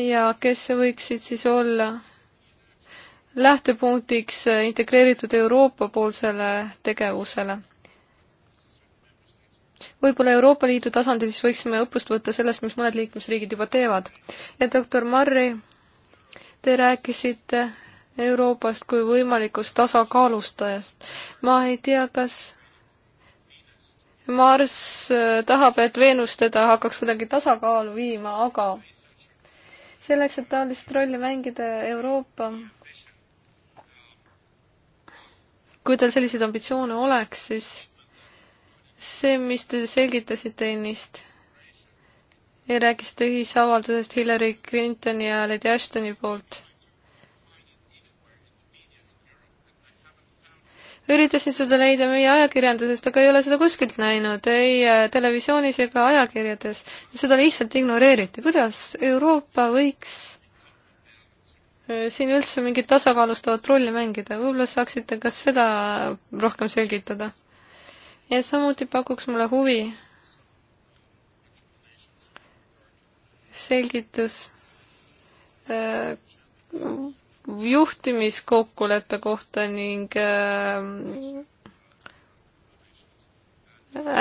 ja kes võiksid siis olla lähtepunktiks integreeritud Euroopa poolsele tegevusele. võib-olla Euroopa Liidu tasandil siis võiksime õppust võtta sellest, mis mõned liikmesriigid juba teevad. ja doktor Marri, te rääkisite Euroopast kui võimalikust tasakaalustajast. ma ei tea, kas Marss tahab, et Veenus teda hakkaks kuidagi tasakaalu viima, aga selleks, et taolist rolli mängida Euroopa kui tal selliseid ambitsioone oleks, siis see, mis te selgitasite ennist ja rääkisite ühisavaldusest Hillary Clintoni ja Lady Ashtoni poolt. üritasin seda leida meie ajakirjandusest, aga ei ole seda kuskilt näinud, ei äh, televisioonis ega ajakirjades. seda lihtsalt ignoreeriti. kuidas Euroopa võiks Äh, siin üldse mingit tasakaalustavat rolli mängida, võib-olla saaksite ka seda rohkem selgitada. ja samuti pakuks mulle huvi selgitus äh, juhtimiskokkuleppe kohta ning äh,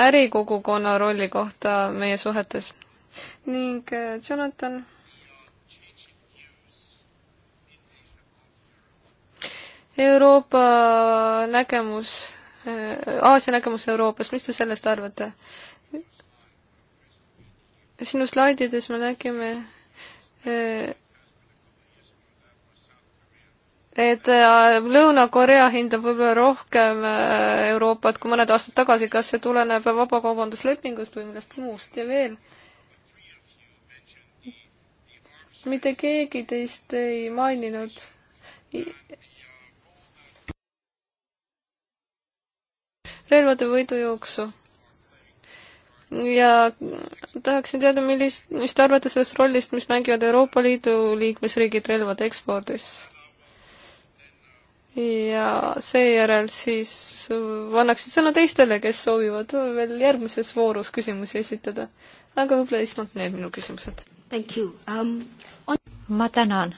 ärikogukonna rolli kohta meie suhetes. ning äh, Jonathan Euroopa nägemus, Aasia nägemus Euroopas, mis te sellest arvate? sinu slaidides me nägime, et äh, Lõuna-Korea hindab võib-olla rohkem äh, Euroopat kui mõned aastad tagasi, kas see tuleneb vabakaubanduslepingust või millest muust ja veel? mitte keegi teist ei maininud relvade võidujooksu. ja tahaksin teada, millist, mis te arvate sellest rollist, mis mängivad Euroopa Liidu liikmesriigid relvade ekspordis? ja seejärel siis annaksin sõna teistele, kes soovivad veel järgmises voorus küsimusi esitada. aga võib-olla esmalt need minu küsimused. Um, on... ma tänan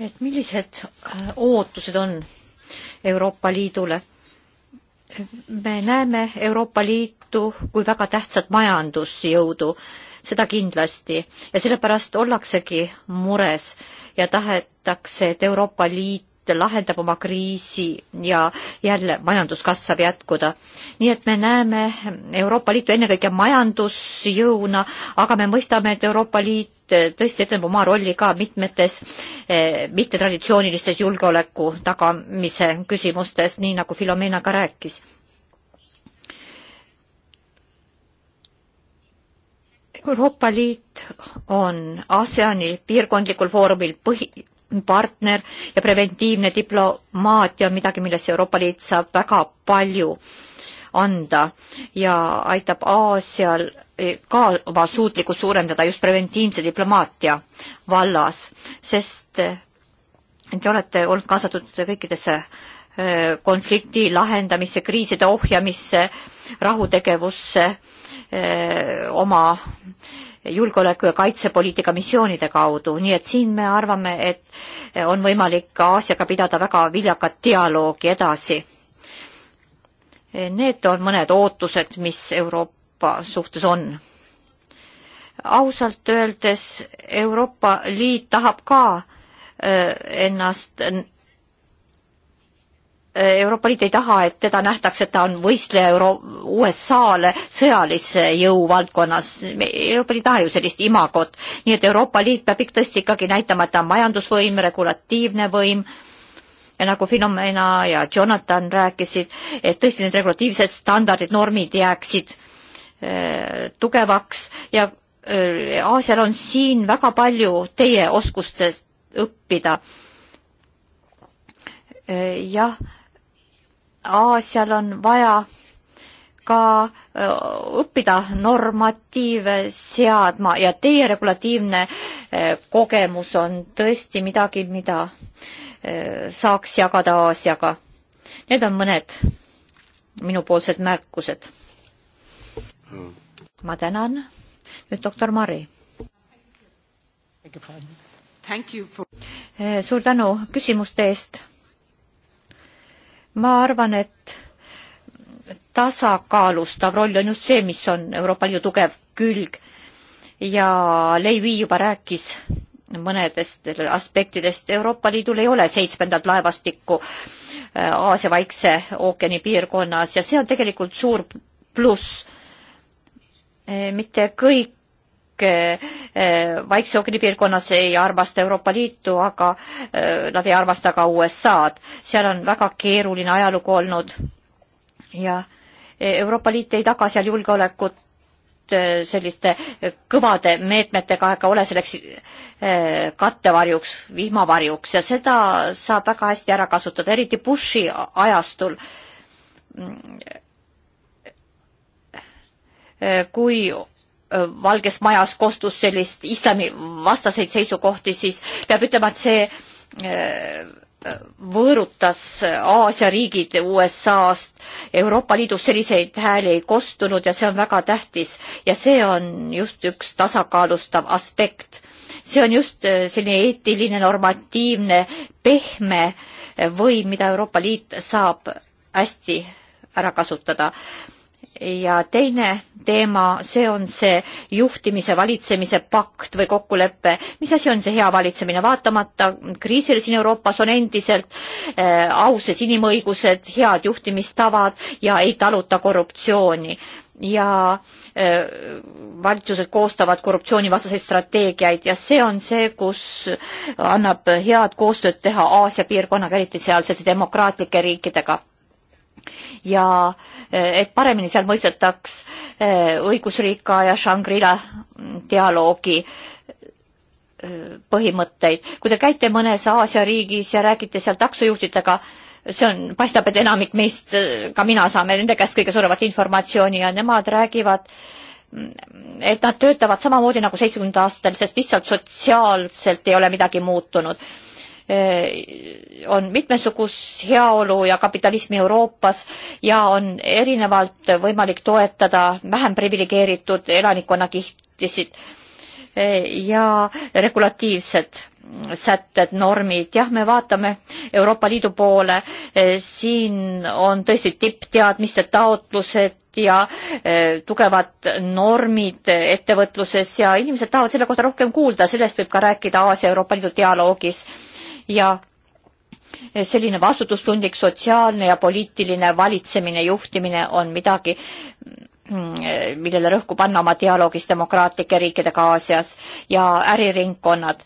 et millised äh, ootused on Euroopa Liidule me näeme Euroopa Liitu kui väga tähtsat majandusjõudu, seda kindlasti, ja sellepärast ollaksegi mures ja tahetakse, et Euroopa Liit lahendab oma kriisi ja jälle majanduskasv saab jätkuda. nii et me näeme Euroopa Liitu ennekõike majandusjõuna, aga me mõistame, et Euroopa Liit tõesti etendab oma rolli ka mitmetes eh, mittetraditsioonilistes julgeoleku tagamise küsimustes, nii nagu Filomena ka rääkis Euroopa Liit on ASEANi piirkondlikul foorumil põhi, partner ja preventiivne diplomaatia on midagi, millesse Euroopa Liit saab väga palju anda ja aitab Aasial ka oma suutlikkust suurendada just preventiivse diplomaatia vallas, sest te olete olnud kaasatud kõikidesse konflikti lahendamisse, kriiside ohjamisse, rahutegevusse, oma julgeoleku- ja kaitsepoliitika missioonide kaudu, nii et siin me arvame, et on võimalik ka Aasiaga pidada väga viljakat dialoogi edasi. Need on mõned ootused, mis Euroopa suhtes on. ausalt öeldes Euroopa Liit tahab ka äh, ennast Euroopa Liit ei taha, et teda nähtaks, et ta on võistleja Euro-, USA-le sõjalise jõu valdkonnas. Euroopa Liit ei taha ju sellist imagot. nii et Euroopa Liit peab ikka tõesti ikkagi näitama, et ta on majandusvõim, regulatiivne võim, ja nagu Philomena ja Jonathan rääkisid, et tõesti need regulatiivsed standardid, normid jääksid äh, tugevaks ja äh, Aasial on siin väga palju teie oskustest õppida äh,. jah Aasial on vaja ka õppida normatiive seadma ja teie regulatiivne kogemus on tõesti midagi, mida saaks jagada Aasiaga. Need on mõned minupoolsed märkused. ma tänan. nüüd doktor Mari. suur tänu küsimuste eest ma arvan, et tasakaalustav roll on just see, mis on Euroopa Liidu tugev külg ja Leivi juba rääkis mõnedest aspektidest. Euroopa Liidul ei ole seitsmendat laevastikku äh, Aasia Vaikse ookeani piirkonnas ja see on tegelikult suur pluss. Äh, mitte kõik Äh, vaikse ookeani piirkonnas ei armasta Euroopa Liitu, aga äh, nad ei armasta ka USA-d. seal on väga keeruline ajalugu olnud ja e, Euroopa Liit ei taga seal julgeolekut e, selliste kõvade meetmetega ega ole selleks e, kattevarjuks, vihmavarjuks ja seda saab väga hästi ära kasutada, eriti Bushi ajastul mm, kui Valges Majas kostus sellist islamivastaseid seisukohti, siis peab ütlema, et see võõrutas Aasia riigid USA-st, Euroopa Liidus selliseid hääli ei kostunud ja see on väga tähtis ja see on just üks tasakaalustav aspekt. see on just selline eetiline, normatiivne, pehme võim, mida Euroopa Liit saab hästi ära kasutada ja teine teema, see on see juhtimise, valitsemise pakt või kokkulepe. mis asi on see hea valitsemine, vaatamata kriisile siin Euroopas on endiselt äh, auses inimõigused, head juhtimistavad ja ei taluta korruptsiooni ja äh, valitsused koostavad korruptsioonivastaseid strateegiaid ja see on see, kus annab head koostööd teha Aasia piirkonnaga, eriti sealsete demokraatlike riikidega ja eh, et paremini seal mõistetaks eh, õigusriika ja Shangri-La dialoogi eh, põhimõtteid. kui te käite mõnes Aasia riigis ja räägite seal taksojuhtidega, see on, paistab, et enamik meist, ka mina saame nende käest kõige suuremat informatsiooni ja nemad räägivad, mm, et nad töötavad samamoodi nagu seitsmekümnendatel, sest lihtsalt sotsiaalselt ei ole midagi muutunud Eh, on mitmesugust heaolu ja kapitalismi Euroopas ja on erinevalt võimalik toetada vähem priviligeeritud elanikkonnakihtisid eh, ja regulatiivsed sätted, normid, jah, me vaatame Euroopa Liidu poole, eh, siin on tõesti tippteadmiste taotlused ja tugevad normid ettevõtluses ja inimesed tahavad selle kohta rohkem kuulda, sellest võib ka rääkida Aasia Euroopa Liidu dialoogis ja selline vastutustundlik sotsiaalne ja poliitiline valitsemine, juhtimine on midagi, mm, millele rõhku panna oma dialoogis demokraatlike riikidega Aasias ja äriringkonnad.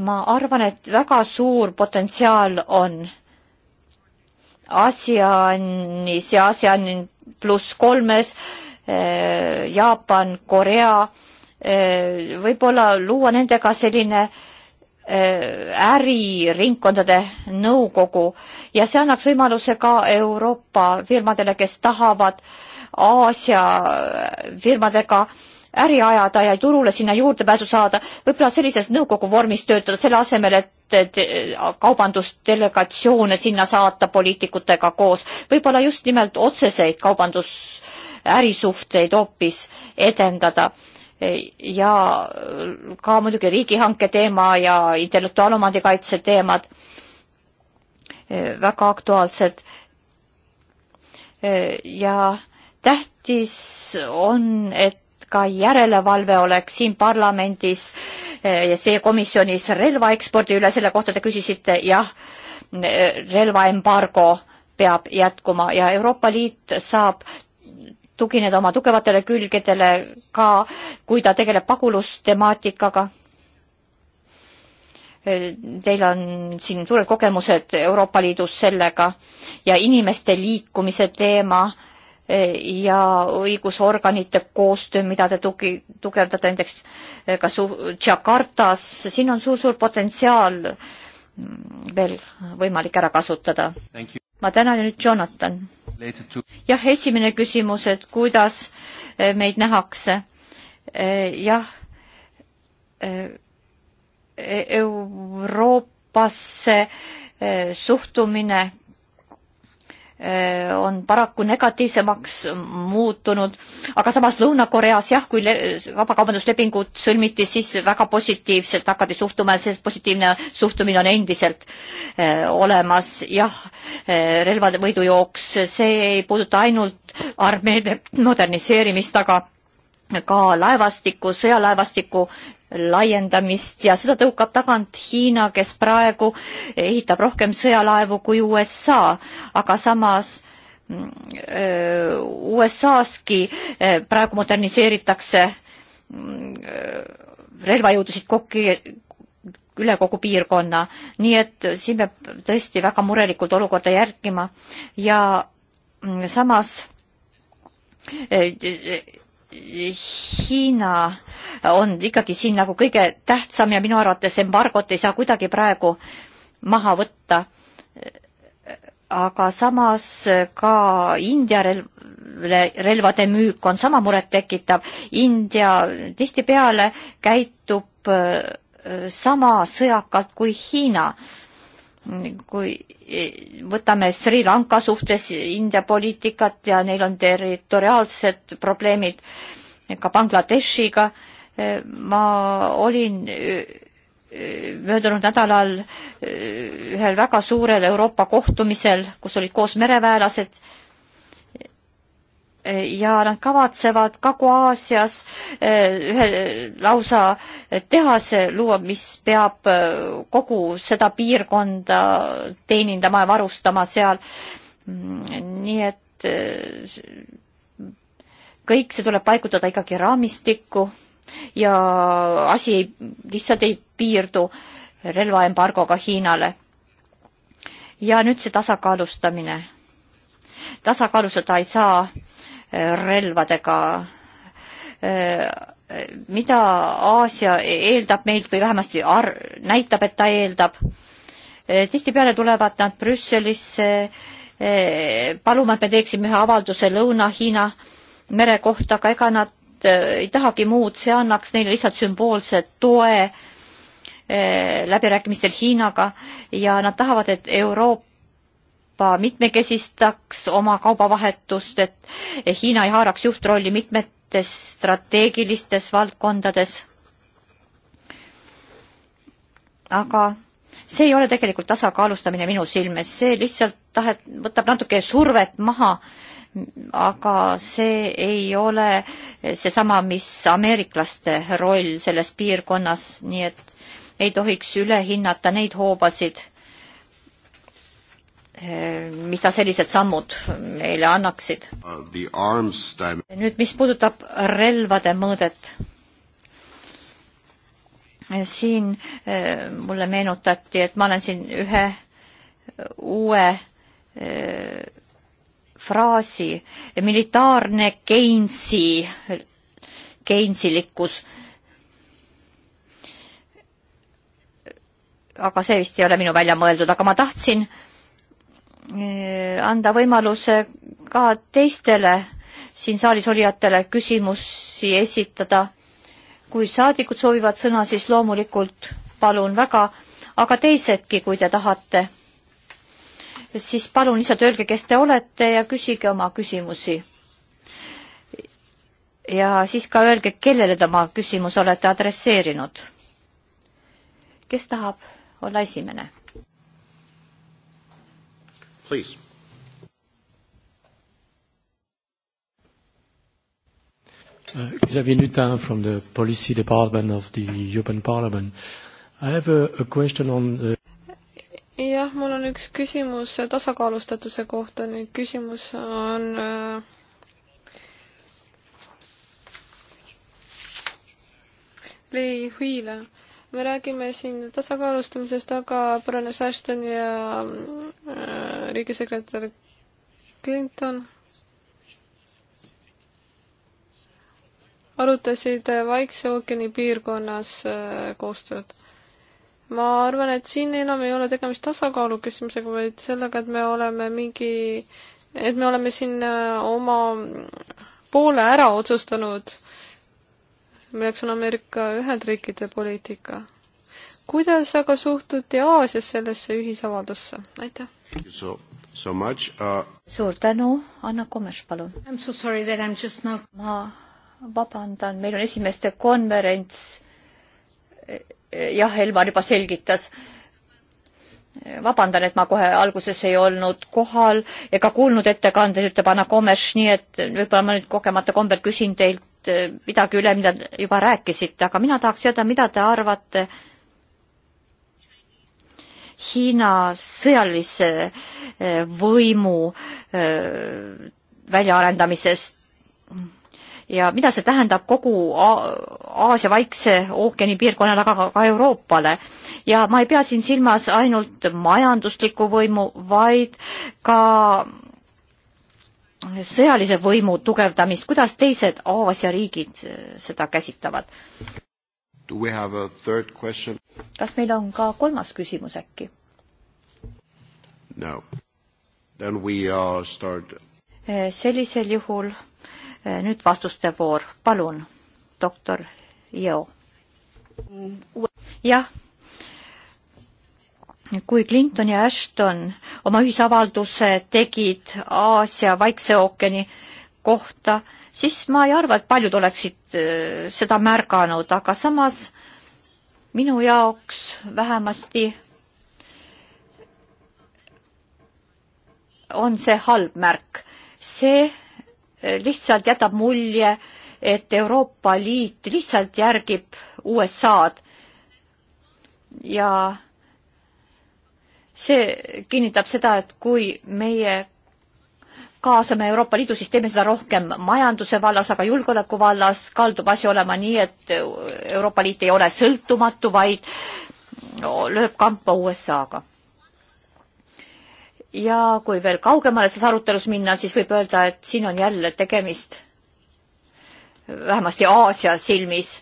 ma arvan, et väga suur potentsiaal on ASEANis ja ASEAN pluss kolmes, eh, Jaapan, Korea, eh, võib-olla luua nendega selline äh, Äh, äriringkondade nõukogu ja see annaks võimaluse ka Euroopa firmadele, kes tahavad Aasia firmadega äri ajada ja turule sinna juurdepääsu saada, võib-olla sellises nõukogu vormis töötada, selle asemel, et kaubandusdelegatsioone sinna saata poliitikutega koos, võib-olla just nimelt otseseid kaubandus ärisuhteid hoopis edendada ja ka muidugi riigihanke teema ja intellektuaalomandi kaitse teemad e, väga aktuaalsed. E, ja tähtis on, et ka järelevalve oleks siin parlamendis e, ja see komisjonis relvaekspordi üle, selle kohta te küsisite, jah, relvaembargo peab jätkuma ja Euroopa Liit saab tugineda oma tugevatele külgedele ka, kui ta tegeleb pagulustemaatikaga. Teil on siin suured kogemused Euroopa Liidus sellega ja inimeste liikumise teema ja õigusorganite koostöö, mida te tugi, tugevdate näiteks kas Jakartas, siin on suur-suur potentsiaal veel võimalik ära kasutada. ma tänan ja nüüd Jonathan jah, esimene küsimus, et kuidas eh, meid nähakse. Eh, jah, eh, e-, Euroopasse suhtumine Äh, on paraku negatiivsemaks muutunud, aga samas Lõuna-Koreas jah, kui vabakaubanduslepingud sõlmiti, siis väga positiivselt hakati suhtuma ja see positiivne suhtumine on endiselt eh, olemas. jah eh,, relvade võidujooks, see ei puuduta ainult armeede moderniseerimist, aga ka laevastiku, sõjalaevastiku laiendamist ja seda tõukab tagant Hiina, kes praegu ehitab rohkem sõjalaevu kui USA, aga samas mm, USA-ski praegu moderniseeritakse mm, relvajõudusid kokku üle kogu piirkonna, nii et siin peab tõesti väga murelikult olukorda järgima ja mm, samas Hiina on ikkagi siin nagu kõige tähtsam ja minu arvates embargot ei saa kuidagi praegu maha võtta. aga samas ka India relv-, relvade müük on sama murettekitav. India tihtipeale käitub äh, sama sõjakalt kui Hiina Mm. kui e, võtame Sri Lanka suhtes India poliitikat ja neil on territoriaalsed probleemid e, ka Bangladeshiga, e, ma olin möödunud nädalal ühel väga suurel Euroopa kohtumisel, kus olid koos mereväelased ja nad kavatsevad Kagu-Aasias eh, ühe lausa tehase luua, mis peab eh, kogu seda piirkonda teenindama ja varustama seal. Mm, nii et eh, kõik see tuleb paigutada ikkagi raamistikku ja asi ei, lihtsalt ei piirdu relvaembargoga Hiinale. ja nüüd see tasakaalustamine. tasakaalustada ei saa äh, relvadega mida Aasia eeldab meilt või vähemasti ar-, näitab, et ta eeldab. tihtipeale tulevad nad Brüsselisse paluma, et me teeksime ühe avalduse Lõuna-Hiina mere kohta, aga ega nad äh, ei tahagi muud, see annaks neile lihtsalt sümboolse toe äh, läbirääkimistel Hiinaga ja nad tahavad, et Euroopa Euroopa mitmekesistaks oma kaubavahetust, et Hiina ei haaraks juhtrolli mitmetes strateegilistes valdkondades. aga see ei ole tegelikult tasakaalustamine minu silmes, see lihtsalt tahet, võtab natuke survet maha, aga see ei ole seesama, mis ameeriklaste roll selles piirkonnas, nii et ei tohiks üle hinnata neid hoobasid, Eh, mida sellised sammud meile annaksid? Uh, nüüd, mis puudutab relvade mõõdet, siin eh, mulle meenutati, et ma olen siin ühe eh, uue fraasi, militaarne Keinsi, Keinsilikkus aga see vist ei ole minu välja mõeldud, aga ma tahtsin äh, Äh, anda võimaluse ka teistele siin saalis olijatele küsimusi esitada. kui saadikud soovivad sõna, siis loomulikult palun väga, aga teisedki, kui te tahate, siis palun lihtsalt öelge, kes te olete ja küsige oma küsimusi. ja siis ka öelge, kellele te oma küsimuse olete adresseerinud. kes tahab olla esimene? Please. Uh, Xavier Nutin from the Policy Department of the European Parliament. I have a, a question on the jah, mul on üks küsimus tasakaalustatuse kohta, nüüd küsimus on äh, Lei Huile äh, me räägime siin tasakaalustamisest, aga Baroness Ashton ja äh, riigisekretär Clinton arutasid Vaikse ookeani piirkonnas äh, koostööd. ma arvan, et siin enam ei ole tegemist tasakaalu küsimusega, vaid sellega, et me oleme mingi, et me oleme siin äh, oma poole ära otsustanud milleks on Ameerika Ühendriikide poliitika. kuidas aga suhtuti Aasias sellesse ühisavaldusse? aitäh! so much uh.... suur tänu, Anna Komes, palun. I am so sorry that I am just now. ma vabandan, meil on esimeste konverents. jah, Elmar juba selgitas. vabandan, et ma kohe alguses ei olnud kohal ega kuulnud ettekandeid, ütleb Anna Komes, nii et võib-olla ma nüüd kogemata kombel küsin teilt Eh, midagi üle, mida juba rääkisite, aga mina tahaks teada, mida te arvate Hiina sõjalise eh, võimu eh, väljaarendamisest ja mida see tähendab kogu Aasia Vaikse ookeani piirkonnale, aga ka Euroopale. ja ma ei pea siin silmas ainult majanduslikku võimu, vaid ka sõjalise võimu tugevdamist, kuidas teised Aasia riigid äh, seda käsitavad? kas meil on ka kolmas küsimus äkki? no. Then we are uh, start. Äh, sellisel juhul äh, nüüd vastuste voor, palun, doktor Jõo. Mm, jah kui Clinton ja Ashton oma ühisavalduse tegid Aasia Vaikse ookeani kohta, siis ma ei arva, et paljud oleksid äh, seda märganud, aga samas minu jaoks vähemasti on see halb märk. see äh, lihtsalt jätab mulje, et Euroopa Liit lihtsalt järgib USA-d ja see kinnitab seda, et kui meie kaasame Euroopa Liidu, siis teeme seda rohkem majanduse vallas, aga julgeoleku vallas kaldub asi olema nii, et Euroopa Liit ei ole sõltumatu, vaid no, lööb kampa USA-ga. ja kui veel kaugemale selles arutelus minna, siis võib öelda, et siin on jälle tegemist vähemasti Aasia silmis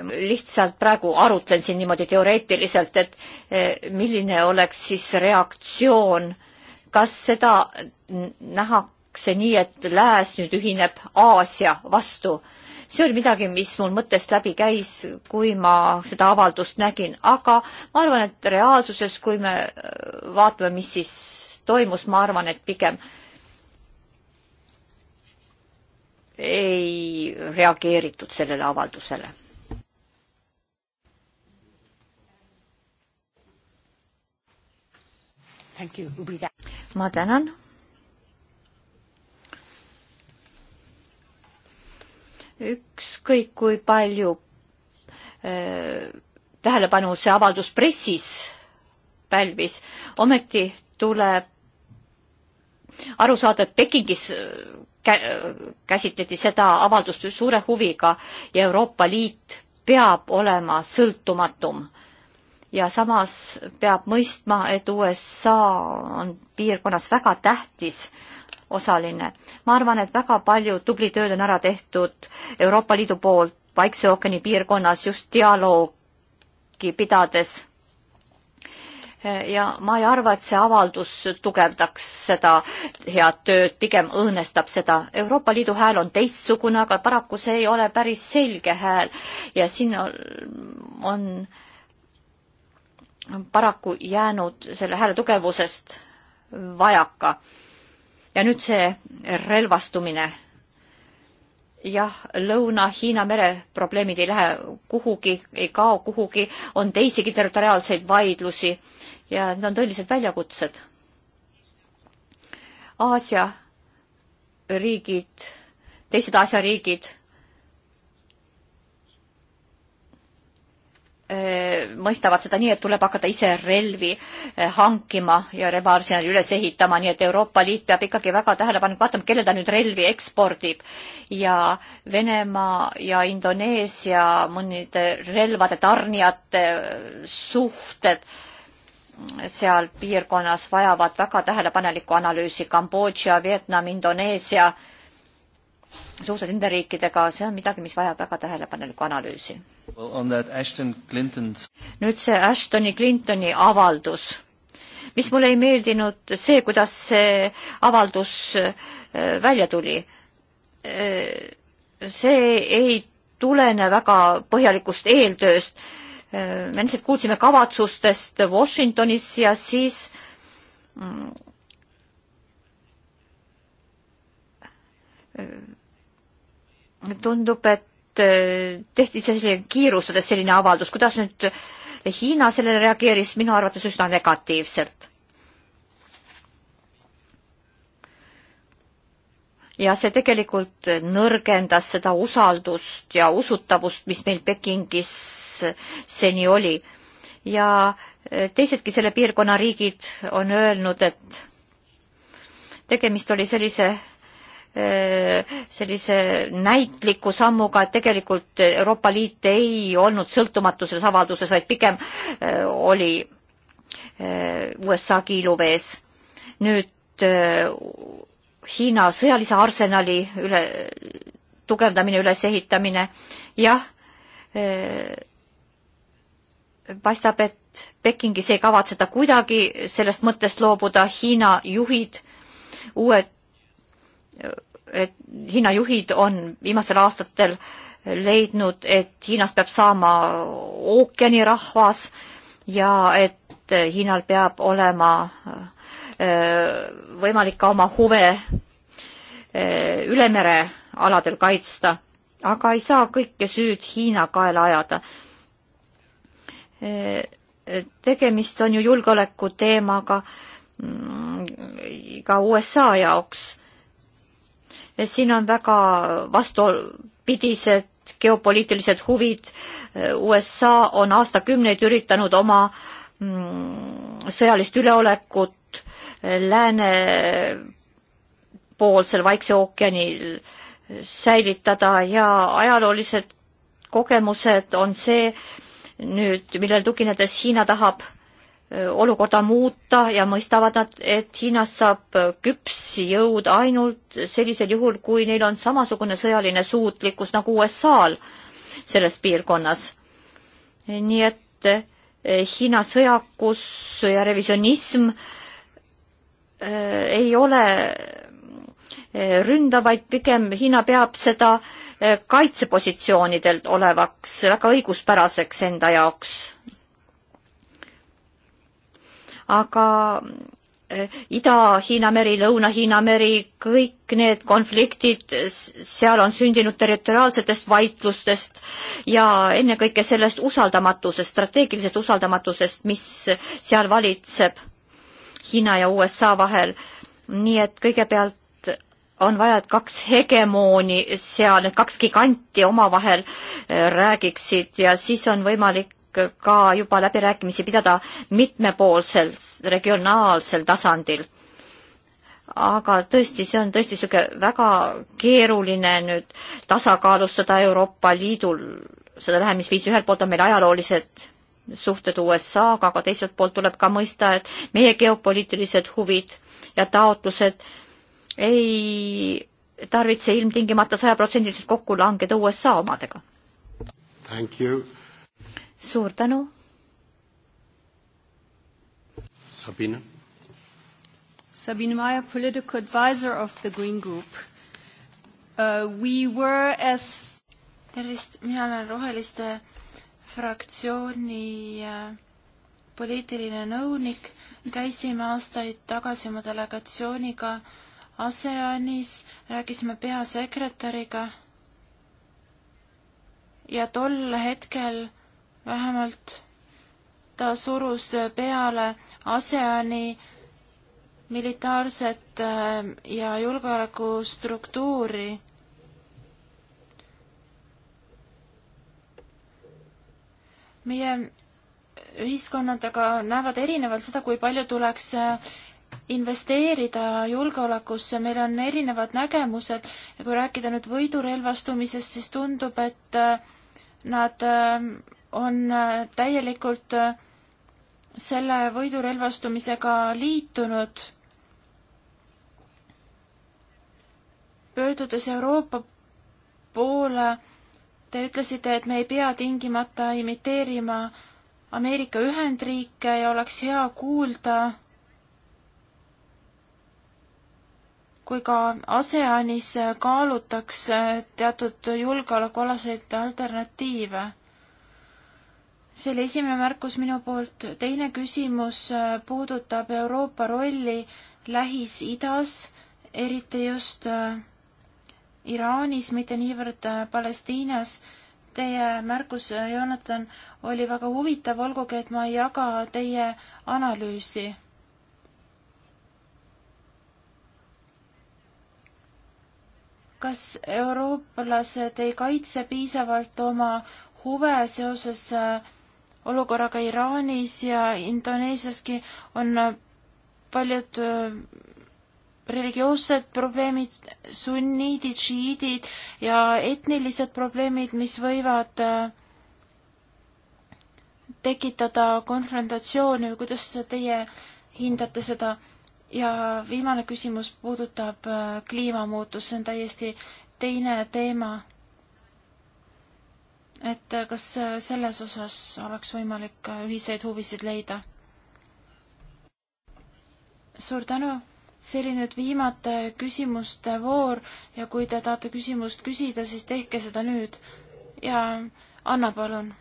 lihtsalt praegu arutlen siin niimoodi teoreetiliselt, et eh, milline oleks siis reaktsioon, kas seda nähakse nii, et Lääs nüüd ühineb Aasia vastu? see oli midagi, mis mul mõttest läbi käis, kui ma seda avaldust nägin, aga ma arvan, et reaalsuses, kui me eh, vaatame, mis siis toimus, ma arvan, et pigem ei reageeritud sellele avaldusele ma tänan. ükskõik kui palju äh, tähelepanu see avaldus pressis pälvis, ometi tuleb aru saada, et Pekingis äh, äh, käsitleti seda avaldust suure huviga ja Euroopa Liit peab olema sõltumatum ja samas peab mõistma, et USA on piirkonnas väga tähtis osaline. ma arvan, et väga palju tubli tööd on ära tehtud Euroopa Liidu poolt Vaikse ookeani piirkonnas just dialoogi pidades. ja ma ei arva, et see avaldus tugevdaks seda head tööd, pigem õõnestab seda. Euroopa Liidu hääl on teistsugune, aga paraku see ei ole päris selge hääl ja siin on, on paraku jäänud selle hääle tugevusest vajaka. ja nüüd see relvastumine. jah, Lõuna-Hiina mere probleemid ei lähe kuhugi, ei kao kuhugi, on teisigi territoriaalseid vaidlusi ja need on tõelised väljakutsed. Aasia riigid, teised Aasia riigid Eh, mõistavad seda nii, et tuleb hakata ise relvi eh, hankima ja relvaarsenali üles ehitama, nii et Euroopa Liit peab ikkagi väga tähelepanelikult vaatama, kellele ta nüüd relvi ekspordib ja Venemaa ja Indoneesia mõnede relvade tarnijate eh, suhted seal piirkonnas vajavad väga tähelepanelikku analüüsi Kambodža, Vietnam, Indoneesia suhted nende riikidega, see on midagi, mis vajab väga tähelepanelikku analüüsi nüüd see Ashtoni Clintoni avaldus, mis mulle ei meeldinud, see, kuidas see avaldus äh, välja tuli. Äh, see ei tulene väga põhjalikust eeltööst. Äh, me lihtsalt kuulsime kavatsustest Washingtonis ja siis mm, tundub, et Äh, tehti selline kiirustades selline avaldus, kuidas nüüd Hiina sellele reageeris, minu arvates üsna negatiivselt. ja see tegelikult nõrgendas seda usaldust ja usutavust, mis meil Pekingis seni oli. ja äh, teisedki selle piirkonna riigid on öelnud, et tegemist oli sellise Äh, sellise näitliku sammuga, et tegelikult Euroopa Liit ei olnud sõltumatu selles avalduses, vaid pigem äh, oli äh, USA kiiluvees. nüüd Hiina sõjalise arsenali üle, tugevdamine, ülesehitamine, jah, paistab, et Pekingis ei kavatseta kuidagi sellest mõttest loobuda, Hiina juhid, uued et hinnajuhid on viimastel aastatel leidnud, et Hiinast peab saama ookeanirahvas ja et Hiinal peab olema äh, võimalik ka oma huve äh, üle mere aladel kaitsta, aga ei saa kõike süüd Hiina kaela ajada. Äh, tegemist on ju julgeoleku teemaga mm, ka USA jaoks siin on väga vastupidised geopoliitilised huvid. USA on aastakümneid üritanud oma mm, sõjalist üleolekut eh, läänepoolsel Vaikse ookeanil säilitada ja ajaloolised kogemused on see nüüd, millele tuginedes Hiina tahab olukorda muuta ja mõistavad nad, et Hiinast saab küps jõud ainult sellisel juhul, kui neil on samasugune sõjaline suutlikkus nagu USA-l selles piirkonnas. nii et eh, Hiina sõjakus ja revisjonism eh, ei ole eh, ründav, vaid pigem Hiina peab seda kaitsepositsioonidelt olevaks väga õiguspäraseks enda jaoks aga eh, Ida-Hiina meri, Lõuna-Hiina meri, kõik need konfliktid seal on sündinud territoriaalsetest vaidlustest ja ennekõike sellest usaldamatusest, strateegilisest usaldamatusest, mis seal valitseb Hiina ja USA vahel. nii et kõigepealt on vaja, et kaks hegemooni seal, need kaks giganti omavahel eh, räägiksid ja siis on võimalik ka juba läbirääkimisi pidada mitmepoolsel regionaalsel tasandil. aga tõesti, see on tõesti niisugune väga keeruline nüüd tasakaalustada Euroopa Liidul seda lähemisviisi, ühelt poolt on meil ajaloolised suhted USA-ga, aga teiselt poolt tuleb ka mõista, et meie geopoliitilised huvid ja taotlused ei tarvitse ilmtingimata sajaprotsendiliselt kokku langeda USA omadega. Thank you suur tänu. Sabine. Sabine Meyer, political advisor of the Green Group uh,. We were as. tervist, mina olen Roheliste fraktsiooni äh, poliitiline nõunik. käisime aastaid tagasi oma delegatsiooniga ASEANis, rääkisime peasekretäriga ja tol hetkel vähemalt ta surus peale ASEAN-i militaarset äh, ja julgeolekustruktuuri. meie ühiskonnad aga näevad erinevalt seda, kui palju tuleks äh, investeerida julgeolekusse, meil on erinevad nägemused ja kui rääkida nüüd võidurelvastumisest, siis tundub, et äh, nad on äh, täielikult äh, selle võidurelvastumisega liitunud. pöördudes Euroopa poole, te ütlesite, et me ei pea tingimata imiteerima Ameerika Ühendriike ja oleks hea kuulda, kui ka ASEANis kaalutakse teatud julgeolekualaseid alternatiive see oli esimene märkus minu poolt. teine küsimus äh, puudutab Euroopa rolli Lähis-Idas, eriti just äh, Iraanis, mitte niivõrd äh, Palestiinas. Teie märkus, Jonathan, oli väga huvitav, olgugi et ma ei jaga teie analüüsi. kas eurooplased ei kaitse piisavalt oma huve seoses äh, olukorraga Iraanis ja Indoneesiaski on paljud äh, religioossed probleemid, sunniidid, šiiidid ja etnilised probleemid, mis võivad äh, tekitada konfrontatsiooni või kuidas teie hindate seda? ja viimane küsimus puudutab äh, kliimamuutust, see on täiesti teine teema et äh, kas äh, selles osas oleks võimalik äh, ühiseid huvisid leida? suur tänu! see oli nüüd viimate küsimuste voor ja kui te tahate küsimust küsida, siis tehke seda nüüd. ja Anna, palun!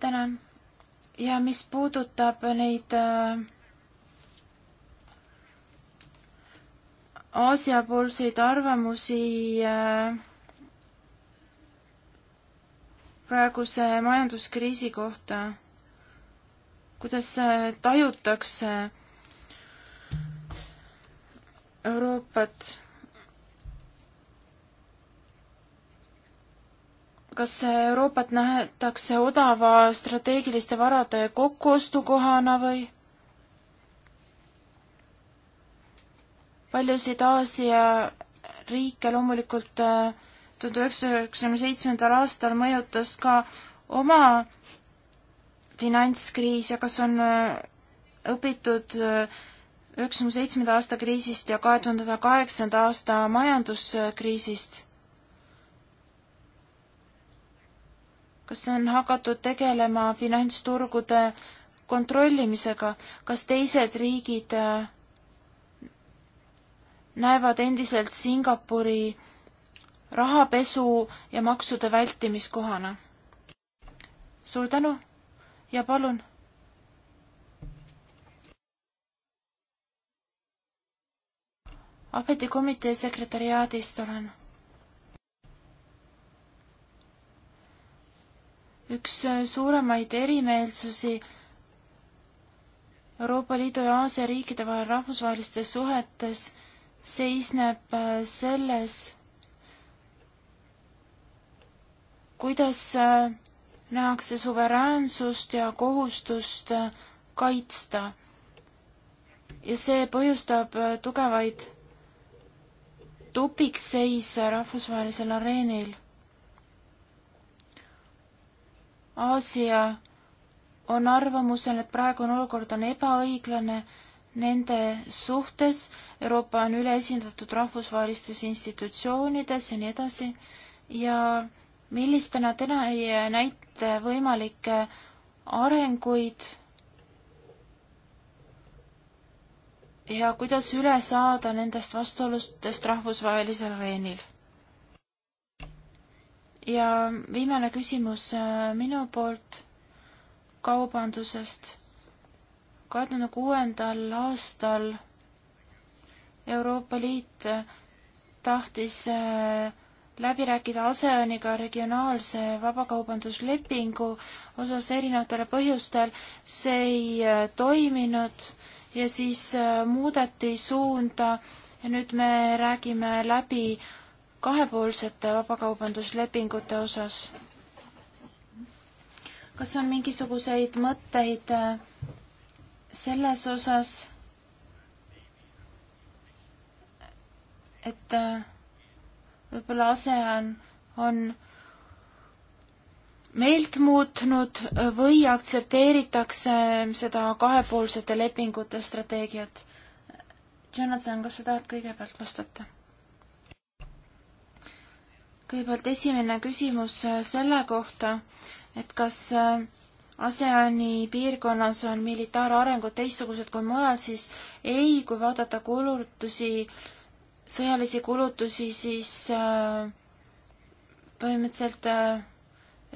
tänan! ja mis puudutab neid äh, Aasia-poolseid arvamusi äh, praeguse majanduskriisi kohta, kuidas äh, tajutakse Euroopat kas Euroopat nähetakse odava strateegiliste varade kokkuostukohana või? paljusid Aasia riike loomulikult äh, tuhande üheksasaja üheksakümne seitsmendal aastal mõjutas ka oma finantskriis ja kas on äh, õpitud äh, üheksakümne seitsmenda aasta kriisist ja kahe tuhande kaheksanda aasta majanduskriisist. kas on hakatud tegelema finantsturgude kontrollimisega, kas teised riigid äh, näevad endiselt Singapuri rahapesu ja maksude vältimiskohana. suur tänu ja palun ametikomitee sekretäriaadist olen. üks äh, suuremaid erimeelsusi Euroopa Liidu ja Aasia riikide vahel rahvusvahelistes suhetes seisneb äh, selles, kuidas äh, nähakse suveräänsust ja kohustust äh, kaitsta. ja see põhjustab tugevaid tupikseise rahvusvahelisel areenil. Aasia on arvamusel, et praegune olukord on ebaõiglane nende suhtes, Euroopa on üleesindatud rahvusvahelistes institutsioonides ja nii edasi, ja millistena täna ei näita võimalikke arenguid ja kuidas üle saada nendest vastuolustest rahvusvahelisel areenil? ja viimane küsimus äh, minu poolt kaubandusest kahekümne kuuendal aastal Euroopa Liit tahtis äh, läbi rääkida ASEANiga regionaalse vabakaubanduslepingu osas erinevatel põhjustel, see ei äh, toiminud ja siis äh, muudeti suunda ja nüüd me räägime läbi kahepoolsete vabakaubanduslepingute osas. kas on mingisuguseid mõtteid äh, selles osas, et äh, võib-olla ASEAN on, on meelt muutnud või aktsepteeritakse seda kahepoolsete lepingute strateegiat. Jonathan, kas sa tahad kõigepealt vastata? kõigepealt esimene küsimus äh, selle kohta, et kas äh, ASEAN-i piirkonnas on militaararengud teistsugused kui mujal, siis ei, kui vaadata kulutusi, sõjalisi kulutusi, siis äh, põhimõtteliselt äh,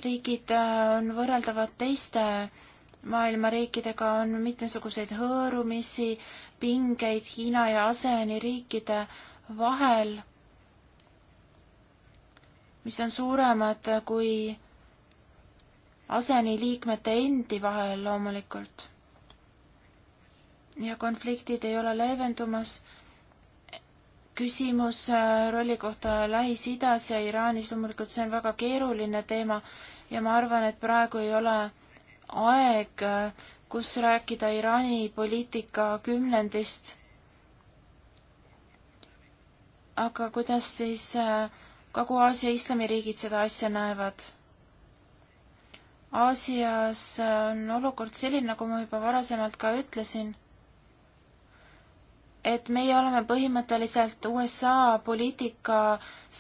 riigid äh, on võrreldavad teiste maailma riikidega, on mitmesuguseid hõõrumisi, pingeid Hiina ja ASEAN-i riikide vahel, mis on suuremad kui aseni liikmete endi vahel loomulikult. ja konfliktid ei ole leevendumas. küsimus äh, rolli kohta Lähis-Idas ja Iraanis, loomulikult see on väga keeruline teema ja ma arvan, et praegu ei ole aeg, äh, kus rääkida Iraani poliitika kümnendist. aga kuidas siis äh, Kagu-Aasia islamiriigid seda asja näevad? Aasias on olukord selline, nagu ma juba varasemalt ka ütlesin, et meie oleme põhimõtteliselt USA poliitika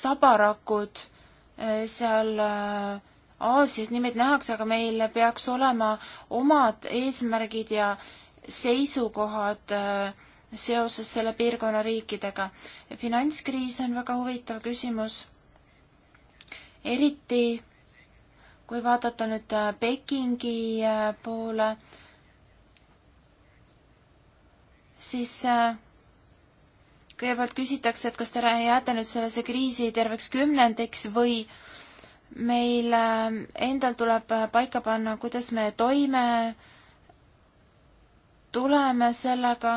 sabarakud eh, seal eh, Aasias, nii meid nähakse, aga meil peaks olema omad eesmärgid ja seisukohad eh, seoses selle piirkonna riikidega. finantskriis on väga huvitav küsimus, eriti kui vaadata nüüd äh, Pekingi äh, poole, siis äh, kõigepealt küsitakse, et kas te jääte nüüd sellesse kriisi terveks kümnendiks või meil endal tuleb paika panna, kuidas me toime tuleme sellega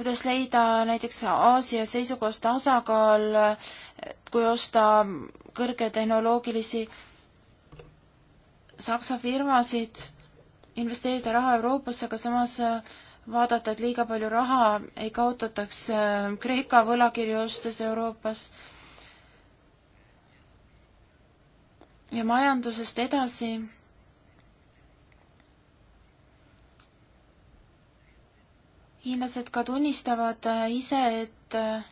kuidas leida näiteks Aasia seisukohast tasakaal, kui osta kõrgetehnoloogilisi Saksa firmasid, investeerida raha Euroopasse, aga samas vaadata, et liiga palju raha ei kaotataks äh, Kreeka võlakirju ostes Euroopas. ja majandusest edasi hiinlased ka tunnistavad äh, ise, et äh,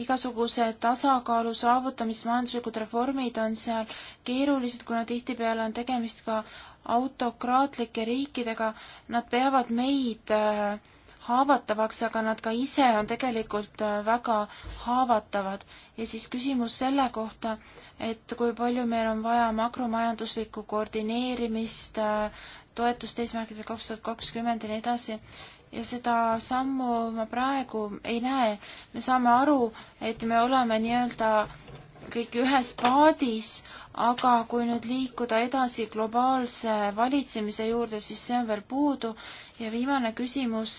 igasuguse tasakaalu saavutamist majanduslikud reformid on seal keerulised, kuna tihtipeale on tegemist ka autokraatlike riikidega, nad peavad meid äh, haavatavaks, aga nad ka ise on tegelikult väga haavatavad. ja siis küsimus selle kohta, et kui palju meil on vaja makromajanduslikku koordineerimist, toetuste eesmärkidel kaks tuhat kakskümmend ja nii edasi. ja seda sammu ma praegu ei näe. me saame aru, et me oleme nii-öelda kõik ühes paadis, aga kui nüüd liikuda edasi globaalse valitsemise juurde, siis see on veel puudu. ja viimane küsimus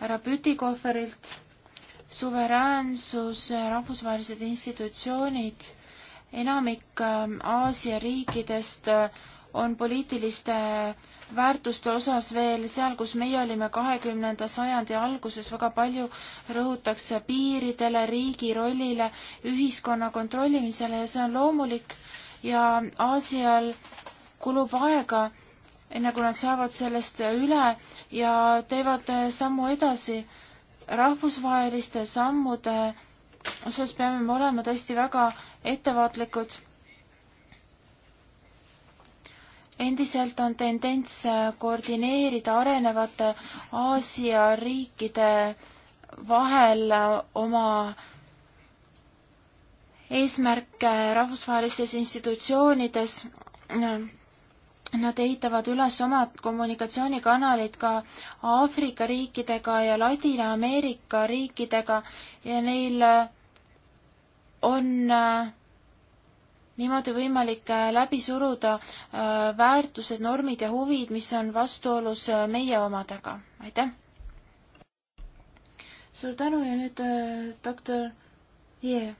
härra Pütikohverilt. suveräänsus, rahvusvahelised institutsioonid enamik äh, Aasia riikidest äh, on poliitiliste väärtuste osas veel seal, kus meie olime kahekümnenda sajandi alguses, väga palju rõhutakse piiridele, riigi rollile, ühiskonna kontrollimisele ja see on loomulik ja Aasial kulub aega, enne kui nad saavad sellest üle ja teevad sammu edasi. rahvusvaheliste sammude osas peame me olema tõesti väga ettevaatlikud endiselt on tendents äh, koordineerida arenevate Aasia riikide vahel äh, oma eesmärke rahvusvahelistes institutsioonides. Nad ehitavad üles omad kommunikatsioonikanalid ka Aafrika riikidega ja Ladina-Ameerika riikidega ja neil äh, on äh, niimoodi võimalik äh, läbi suruda äh, väärtused, normid ja huvid, mis on vastuolus äh, meie omadega. aitäh! suur tänu ja nüüd doktor Jee yeah..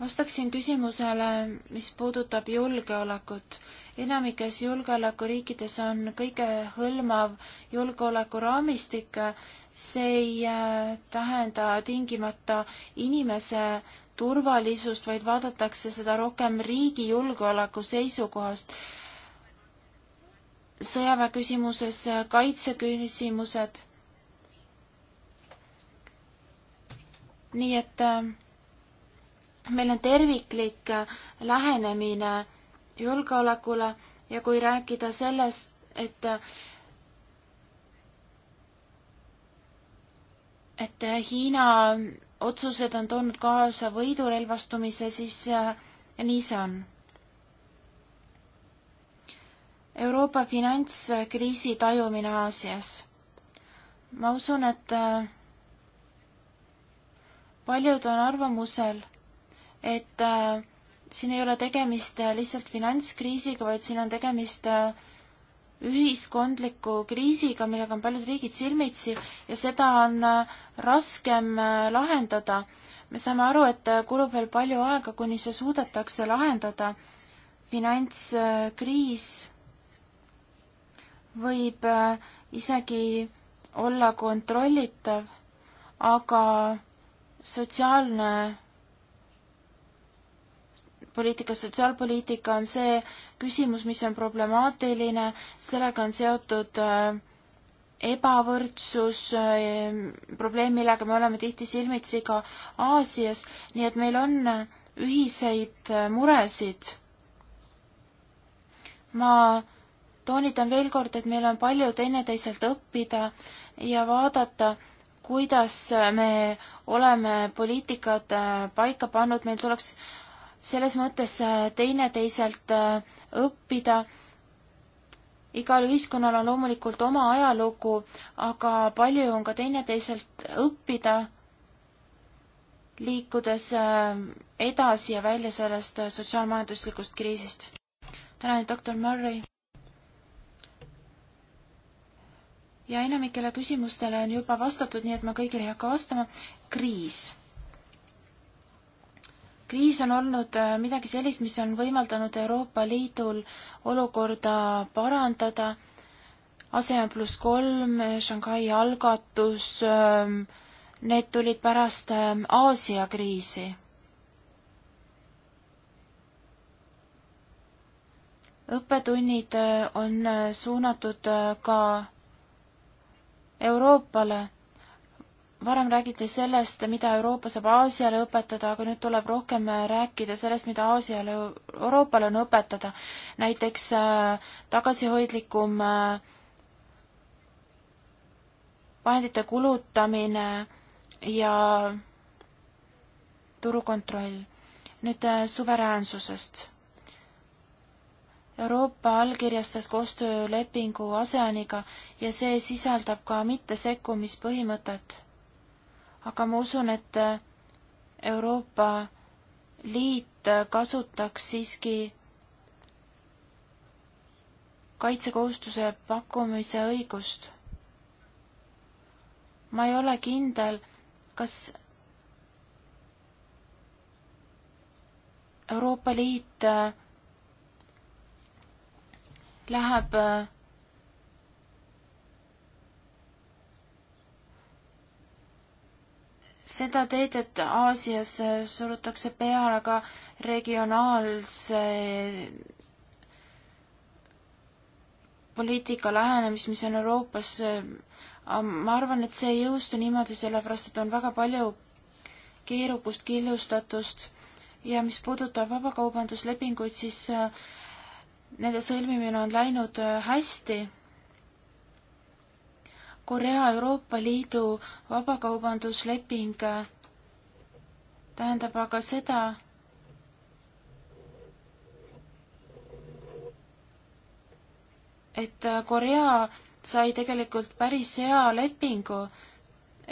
vastaksin küsimusele, mis puudutab julgeolekut enamikes julgeolekuriikides on kõige hõlmav julgeolekuraamistik, see ei tähenda tingimata inimese turvalisust, vaid vaadatakse seda rohkem riigi julgeoleku seisukohast. sõjaväe küsimuses kaitseküsimused. nii et äh, meil on terviklik äh, lähenemine julgeolekule ja kui rääkida sellest, et äh, et Hiina otsused on toonud kaasa võidurelvastumise, siis äh, nii see on. Euroopa finantskriisi tajumine Aasias. ma usun, et äh, paljud on arvamusel, et äh, siin ei ole tegemist lihtsalt finantskriisiga, vaid siin on tegemist äh, ühiskondliku kriisiga, millega on paljud riigid silmitsi ja seda on äh, raskem äh, lahendada. me saame aru, et äh, kulub veel palju aega, kuni see suudetakse lahendada. finantskriis võib isegi olla kontrollitav, aga sotsiaalne poliitika, sotsiaalpoliitika on see küsimus, mis on problemaatiline, sellega on seotud äh, ebavõrdsus, äh, probleem, millega me oleme tihti silmitsi ka Aasias, nii et meil on äh, ühiseid muresid. ma toonitan veel kord, et meil on palju teineteiselt õppida ja vaadata, kuidas me oleme poliitikad paika pannud, meil tuleks selles mõttes äh, teineteiselt äh, õppida. igal ühiskonnal on loomulikult oma ajalugu, aga palju on ka teineteiselt õppida, liikudes äh, edasi ja välja sellest sotsiaalmajanduslikust kriisist. tänan, doktor Murray! ja enamikele küsimustele on juba vastatud, nii et ma kõigile ei hakka vastama. kriis kriis on olnud äh, midagi sellist, mis on võimaldanud Euroopa Liidul olukorda parandada. ASEAN pluss kolm, Shanghai algatus, ähm, need tulid pärast ähm, Aasia kriisi. õppetunnid äh, on äh, suunatud ka Euroopale varem räägiti sellest, mida Euroopa saab Aasiale õpetada, aga nüüd tuleb rohkem äh, rääkida sellest, mida Aasiale, Euroopale on õpetada. näiteks äh, tagasihoidlikum äh, vahendite kulutamine ja turukontroll. nüüd äh, suveräänsusest. Euroopa allkirjastas koostöölepingu ASEANiga ja see sisaldab ka mittesekkumispõhimõtet aga ma usun, et äh, Euroopa Liit äh, kasutaks siiski kaitsekohustuse pakkumise õigust. ma ei ole kindel, kas Euroopa Liit äh, läheb seda teed, et Aasias surutakse peale ka regionaalse poliitika lähenemist, mis on Euroopas, ma arvan, et see ei jõustu niimoodi, sellepärast et on väga palju keerukust, killustatust ja mis puudutab vabakaubanduslepinguid, siis äh, nende sõlmimine on läinud äh, hästi Korea Euroopa Liidu vabakaubandusleping tähendab aga seda, et Korea sai tegelikult päris hea lepingu.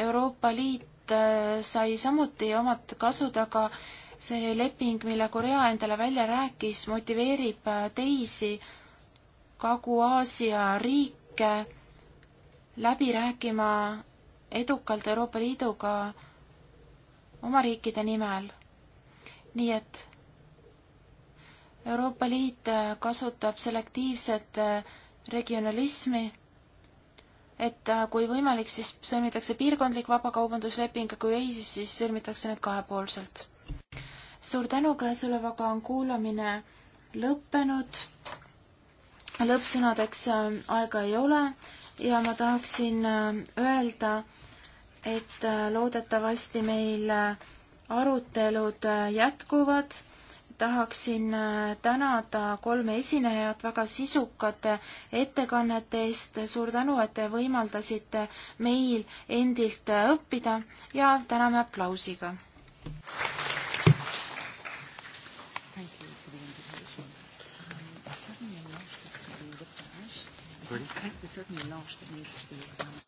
Euroopa Liit äh, sai samuti omad kasud, aga see leping, mille Korea endale välja rääkis, motiveerib äh, teisi Kagu-Aasia riike läbi rääkima edukalt Euroopa Liiduga oma riikide nimel. nii et Euroopa Liit kasutab selektiivset regionalismi, et kui võimalik, siis sõlmitakse piirkondlik vabakaubandusleping, kui ei, siis, siis sõlmitakse need kahepoolselt. suur tänu, käesolevaga on kuulamine lõppenud. lõppsõnadeks äh, aega ei ole ja ma tahaksin äh, öelda, et äh, loodetavasti meil äh, arutelud jätkuvad. tahaksin tänada kolme esinejat väga sisukate ettekannete eest. suur tänu, et te võimaldasite meil endilt õppida ja täname aplausiga. sorry. Okay, there's certainly a lot that needs to be examined.